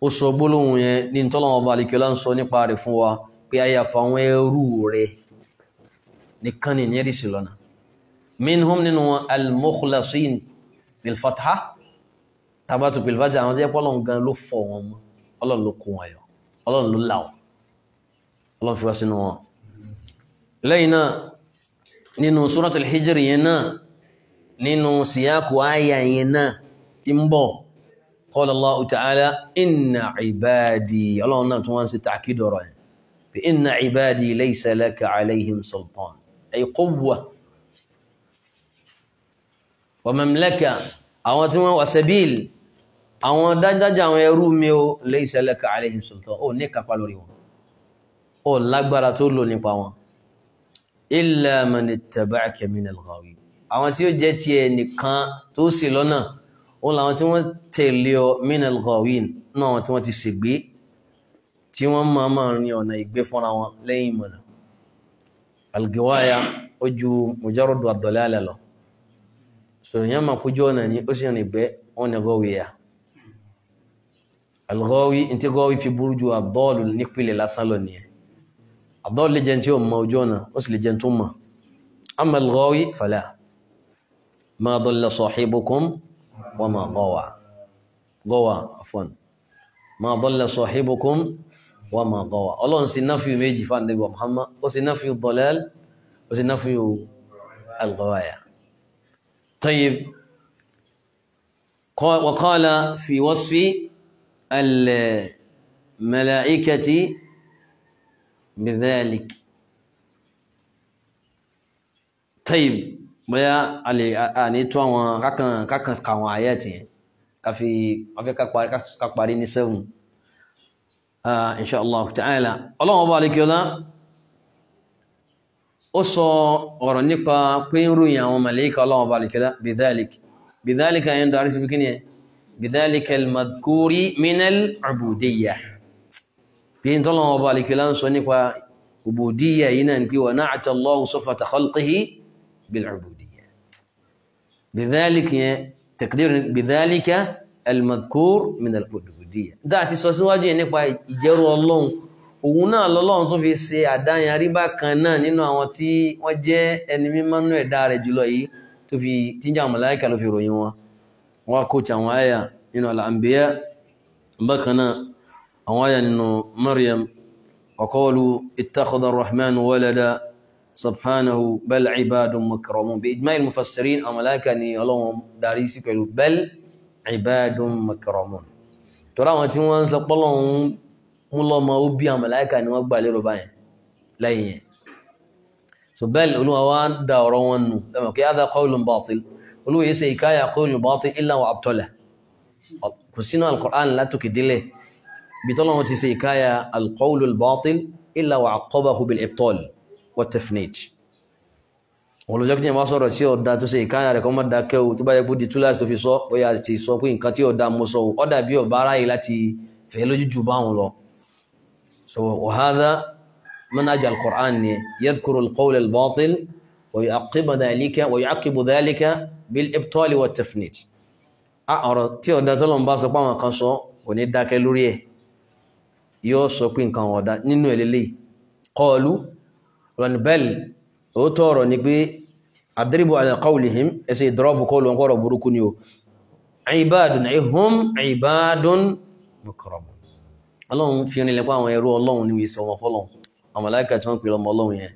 ó sọ gbólóhùn yẹn ní tọ́lọ́wọ́n ọba àlekèlá ń sọ nípa rẹ̀ fún wa pé àyàfà àwọn ẹrú rẹ̀ nìkan ní ìyẹn dìsí lọ́nà minhum nínú al-mukhlasin bilfatha tabatu bilfatha àwọn jẹ́ pọ́lọ́n gan ló fọ̀ wọn mọ́ ọlọ́run ló kó wọn ọlọ́run ló là ọlọ́run fi wá sínú wọn lẹ́yìn náà nínú suratul hijri yẹn náà nínú síyákù àyà yẹn náà ti ń bọ̀ qala Allahu ta'ala inna ibadi ọlọ́run náà tí wọ́n ń ṣe ta'kid ọ̀rọ̀ yẹn bí inna ibadi laysa laka alayhim sultan ay quwwa wa mamlaka àwọn tí wọ́n wà sabil àwọn dájájá àwọn ẹrú mi o laysa laka sultan ó ní àwọn tí ó jẹ́ tiẹ̀ nìkan tó sì lọ́nà òun làwọn tí wọ́n tẹ̀lé ọ minal ghawin náà tí wọ́n ti ṣègbè tí wọ́n máa máa rin ọ̀nà ìgbé fúnra wọn lẹ́yìn ìmọ̀nà algiwaya ó ju mujarradu ad-dalala lọ sọ̀rọ̀ yẹn máa kójú ọ̀nà ni ó sì rìn ìgbẹ́ wọn ni ghawiya alghawi ntí ghawi fi burú ju àbọ́ọ̀lù nípìnlẹ̀ lásán lọ nìyẹn àbọ́ọ̀lù lè jẹun tí ó mọ ojú ọ̀nà ó sì lè jẹun tó mọ amma alghawi fala ما ضل صاحبكم وما غوى غوى عفوا ما ضل صاحبكم وما غوى الله سنفي ميجي فان نبي محمد وسنفي الضلال وسنفي الغوايا طيب وقال في وصف الملائكة بذلك طيب bóyá a lè àní tó àwọn kákan kákan ka àwọn àyà tiẹ̀ ká fi wọ́n fẹ́ ká parí ní seven insha allah ta'ala ọlọ́run ọba àlekíọ́lá ó sọ ọ̀rọ̀ nípa pé ń ròyìn àwọn màlẹ́kà ọlọ́run ọba àlekíọ́lá bidhalik bidhalik ayẹn darí síbi kíni ẹ bidhalik almadkuri minal ubudiyya bí n tọ́lọ́run ọba àlekíọ́lá ń sọ nípa ubudiyya yìí náà ní pé wa na'ata allahu sifata khalqihi bil ubudiyya bidhalika yẹn tẹ̀kídìrì bidhalika al-madhkur min al-qududiyya dáa ti sọ síwájú yẹn nípa ìjẹ́rú ọlọ́run òun náà lọ́lọ́run tó fi ṣe àdáyan ríbá kan náà nínú àwọn tí wọ́n jẹ́ ẹni mímọ́ nú ẹ̀dá rẹ̀ jùlọ yìí tó fi tíjà màláíkà ló fi ròyìn wọn wọ́n kó ti àwọn àyà nínú al-anbiya bákan náà àwọn àyà nínú Maryam wa qalu ittakhadha ar-rahmanu walada subhanahu bal ibadun mukramun bi ijmail mufassirin àwọn màláíkà ni ọlọ́run darí sí pẹ̀lú bal ibadun mukramun tọ́rọ àwọn tí wọ́n ń sọ pọ́lọ́run mú lọ́mọ ó bí àwọn màláíkà ni wọ́n gbà lérò báyẹn lẹ́yìn yẹn so bal olúwa wá da ọ̀rọ̀ wọn nù lẹ́mọ̀ kí hadha qawlun batil olúwa yìí ṣe ìkáyà qawlun batil illa wa abtala kò sínú alquran látòkè délẹ̀ bí tọ́lọ́run ti ṣe ìkáyà alqawlul batil illa wa aqabahu bil ibtal watefnid olùjọ́ kí n bá sọ̀rọ̀ tí ọ̀dà tó ṣe ìkáyà rẹ̀ kọ́ mọ́ da kẹ́wò tó bá yẹ kó di túláàsì tó fi sọ bóyá ti sọ pé nǹkan tí ọ̀dà mo sọ ọ́ dàbí ọ̀bá aráyè láti fẹ́ lójújù báwọn lọ so wàhálà منهج القرآن يذكر القول الباطل ويعقب ذلك ويعقب ذلك بالإبطال والتفنيد أرى تي أدا تلون باسو باما كان سو يو سو كوين كان ودا نينو إليلي قالوا walbel òótọ́ ọ̀rọ̀ ni pé adribu ala qawlihim ẹsẹ̀ ìdọ́rọ̀bù kọ́ ló ń kọ́rọ̀ burúkú ni o ibadun ihum ibadun mukramun ọlọ́run fi rinlẹ̀ pé àwọn ẹrú ọlọ́run ni wìí sọ̀wọ́n fọlọ́n àwọn màláíkà tí wọ́n pè lọ́mọ ọlọ́run yẹn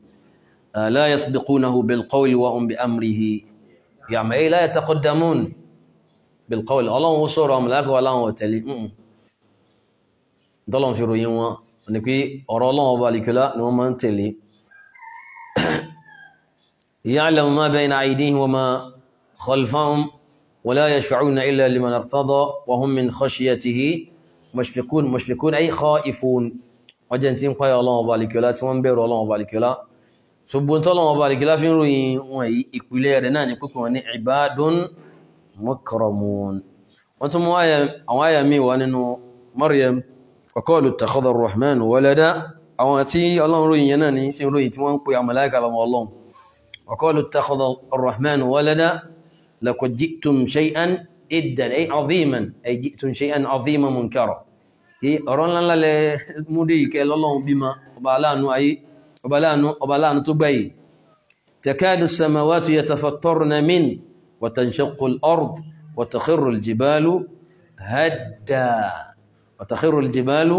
la yasbiqunahu bilqawli wa hum bi amrihi yàmẹ́ la yataqaddamun bilqawli ọlọ́run ó sọ̀rọ̀ àwọn màláíkà wà láwọn ọ̀tẹ̀lẹ̀ dọ́lọ́n fi ròyìn wọn ni pé ọ̀rọ̀ ọlọ́run ọba àlìkọ́lá ni wọ́n máa ń tẹ̀lé يعلم ما بين أيديهم وما خلفهم ولا يشفعون إلا لمن ارتضى وهم من خشيته مشفقون مشفقون أي خائفون وجنتين قال الله بارك ولا تنبر الله بارك ولا سبحان الله بارك ولا في روي إقبال رنا نكون عباد مكرمون وأنتم ويا ويا مي وأنو مريم وقالوا اتخذ الرحمن ولدا أواتي الله روي يناني سيروي تمان قيام ملاك الله وقالوا اتخذ الرحمن ولدا لقد جئتم شيئا ادا اي عظيما اي جئتم شيئا عظيما منكرا اي رانا لا موديك الله بما وبالانو اي وبالانو وبالانو تبي تكاد السماوات يتفطرن من وتنشق الارض وتخر الجبال هدا وتخر الجبال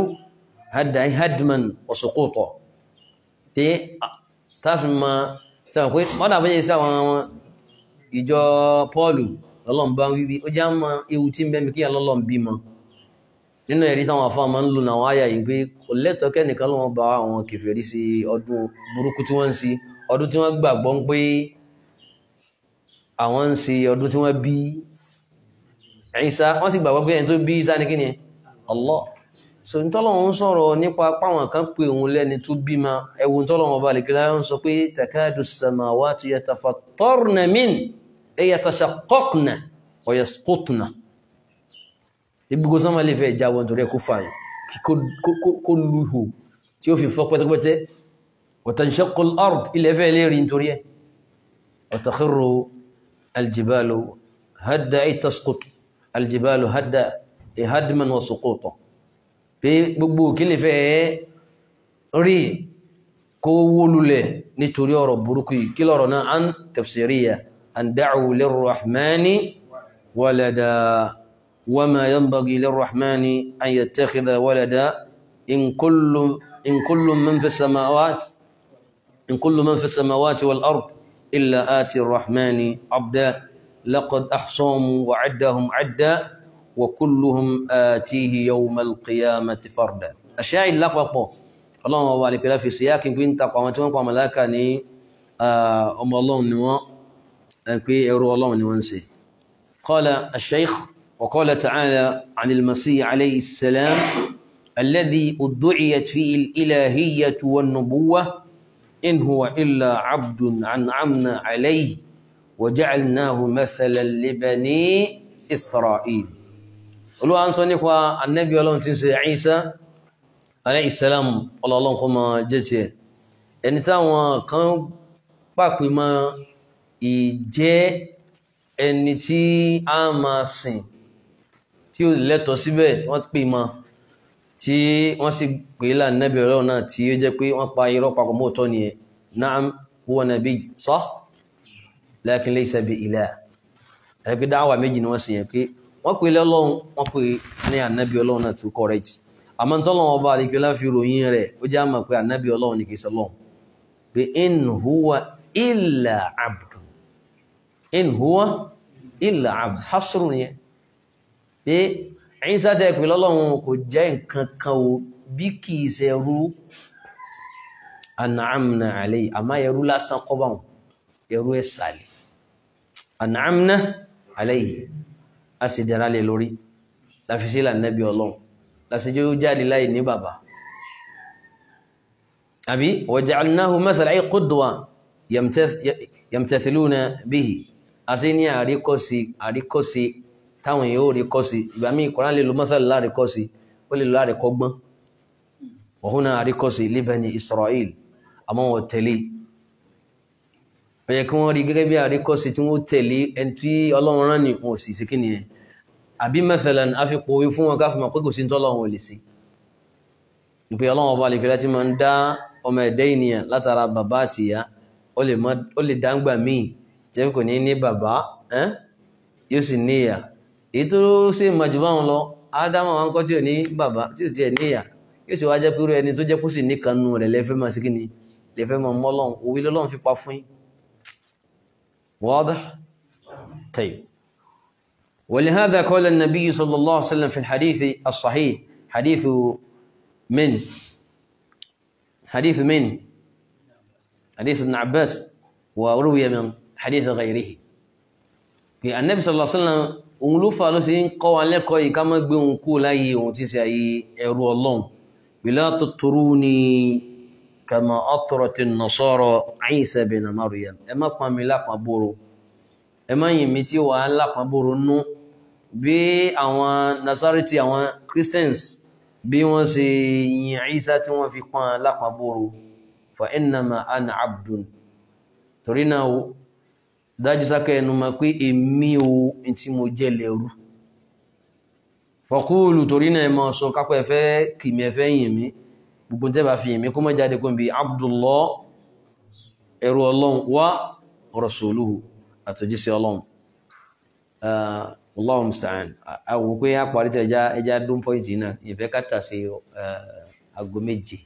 هدا اي هدما وسقوطا تي إيه؟ تفهم sọ pé mọ́dà bẹ́ẹ̀ sí àwọn ìjọ Pọ́ọ̀lù lọ́lọ́mbá wíwí ó já mọ́ ewu tí ń bẹ́mi kí lọ́lọ́m bímọ nínú ẹ̀rí táwọn afọ́ máa ń lò náà wáyà yìí pé kò lẹ́tọ̀ọ́ kẹ́nìkan lọ́wọ́ bá àwọn kèfèrí sí ọdún burúkú tí wọ́n ń ṣe ọdún tí wọ́n gbàgbọ́ ń pé àwọn ń ṣe ọdún tí wọ́n bí Ìsá wọ́n sì gbàgbọ́ pé ẹni tó bí Ìsá ní kí ni Allah so ntọ́lọ́wọ́n ń sọ̀rọ̀ nípa páwọn kan pé òun lẹ́ni tó bímọ ẹ̀wù ntọ́lọ́wọ́n ọba àlèkè láyọ̀ ń sọ pé takadu samawatu yatafattarna min ay yatashaqqaqna wa yasqutna ibùgbó sọ́mà lè fẹ́ jáwọ́ nítorí ẹ̀kú fàáyì kó lùhù tí ó fi fọ́ pẹ́tẹ́pẹ́tẹ́ wa tanshaqqu wa takhirru pé gbogbo òkè lè fẹ́ rí kó wó lulẹ̀ nítorí ọ̀rọ̀ burúkú yìí kí lọ́rọ̀ náà an tafsiriya an da'u lirrahmani walada wama yanbaghi lirrahmani an yattakhidha walada in kullu in kullu man fi samawati in kullu man fi samawati wal ard illa ati arrahmani abda laqad ahsahum wa addahum adda وكلهم آتيه يوم القيامة فردا الشاهد لا قوة ọlọ́run ọba àlèkèlá في سياق yákin pín takọ̀ àwọn tí wọ́n pa màláíkà ní ọmọ ọlọ́run ni wọ́n pé ẹrú ọlọ́run ni won قال الشيخ وقال تعالى عن المسيح عليه السلام الذي ادعيت فيه الإلهية والنبوة إن هو إلا عبد أنعمنا عليه وجعلناه مثلا لبني إسرائيل olúwa ń sọ nípa annabi ọlọ́run tí ń ṣe Isa alayhi salam ọlọ́run kọ́ mọ jẹ́tì ẹ̀ ẹni táwọn kan pàpè mọ ìjẹ́ ẹni tí a máa sìn tí ó lẹ́tọ̀ọ́ síbẹ̀ wọ́n pè mọ tí wọ́n sì pè é lànàbí ọlọ́run náà tí ó jẹ́ pé wọ́n pa irọ́ papọ̀ mọ́ òótọ́ nìyẹn naam huwa wọ́n pe lọ́lọ́run wọ́n pe ní ànábì ọlọ́run náà tó àmọ́ tọ́lọ́run ọba àdìgbélá fi ròyìn rẹ̀ ó jẹ́ àmọ̀ pé ànábì ọlọ́run ní kì í pé in huwa illa abdu in pé lọ́lọ́run kò a sì dẹ̀ra lé lórí láfi sí ìlànà ẹbí ọlọ́run làṣẹjọ yóò jáde láì ní bàbá àbí waja'alnahu mathalan ay qudwa yamtathiluna bihi àṣẹ ní àríkọ́sí àríkọ́sí táwọn èèyàn ò ríkọ́sí ìgbà míì Kùránì lè lo mathalan láàríkọ́sí ó yẹ kí wọ́n rí gẹ́gẹ́ bí àríkọ́sí tí wọ́n tẹ̀lé ẹni tí ọlọ́run rán ní wọn ò sì sí kí nìyẹn àbí mathalan a fi pòwe fún wọn ká fi mọ̀ pé kò sí tọ́lọ́run ò lè sí ìpè ọlọ́run ọba lè fi láti máa ń dá ọmọ ẹ̀dẹ́ ènìyàn látara bàbá àti ìyá ó lè dáńgbà míì jẹ́ kò ní ní bàbá yóò sì ní ìyá èyí tó ṣe màjú báwọn lọ ádámà wọn kọ́ tí ò ní bàbá tí ò tiẹ̀ ní ìyá yóò sì wá jẹ́ pé irú ẹni tó jẹ́ kó sì ní kanú rẹ̀ lẹ́fẹ́ máa sí kí ni lẹ́fẹ́ máa mọ́ lọ́hùn òwe lọ́hùn fi pa fún yín واضح طيب ولهذا قال النبي صلى الله عليه وسلم في الحديث الصحيح حديث من حديث من حديث ابن عباس وروي من حديث غيره النبي صلى الله عليه وسلم òun ló fà ló sì ń kọ́ wa lẹ́kọ̀ọ́ أرو الله má تطروني kama atratin nasara Isa bin Maryam ẹ má pọn mi lápọn bóró ẹ má yìn mí tí wàá lápọn bóró nú bí àwọn nasarati àwọn Christians bí wọ́n ṣe yìn Isa tí wọ́n fi pọn lápọn bóró fa innama ana abdun torí náà dájú sákẹ́ ẹnu ma pé èmi o tí mo jẹ́ lẹ́rú fọkúùlù torí náà ẹ máa sọ kápẹ́ fẹ́ kìmí ẹ fẹ́ yìn mí gbogbo tẹ́ bá fi èmi kó mọ́ jáde kó ń bi abdullah ẹrú ọlọ́run wá rasuluhu àtòjíṣẹ́ ọlọ́run Allahu musta'an àwọn pé àparí tẹ ẹja ẹja dún pọ́ìntì náà ìfẹ́ kàtà sí aago méje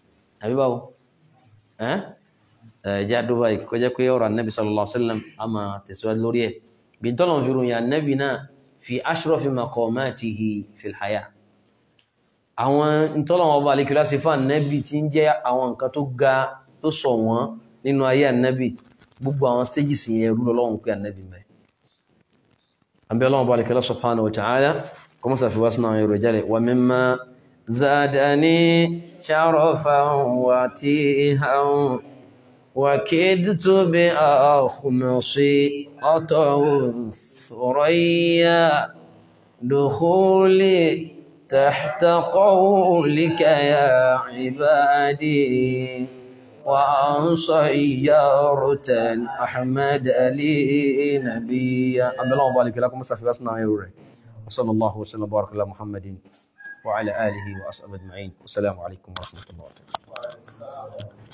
àbí báwo ẹja dún báyìí kọjá pé ọ̀rọ̀ anabi sallallahu alayhi wa sallam a fi ròyìn anabi fi haya àwọn ntọ́lọ́wọ́n ọba àlekìlá ṣe fún ànábì tí ń jẹ́ àwọn nǹkan tó ga tó sọ wọ́n nínú ayé ànábì gbogbo àwọn stages yẹn rú lọ́wọ́n pé ànábì mẹ́. àbí ọlọ́wọ́n ọba àlekìlá subhanahu wa ta'ala kọ́mọ́ sàfiwá sínú àwọn èròjà rẹ̀ wà mimma zadani sharafan wa tihan wa kidtu bi akhmasi atahu thuraya dukhuli. تحت قولك يا عبادي وأن صيرت أحمد لي نبيا الله وبارك لكم مسافر أصنع يوري وصلى الله وسلم وبارك على محمد وعلى آله وأصحابه أجمعين والسلام عليكم ورحمة الله وبركاته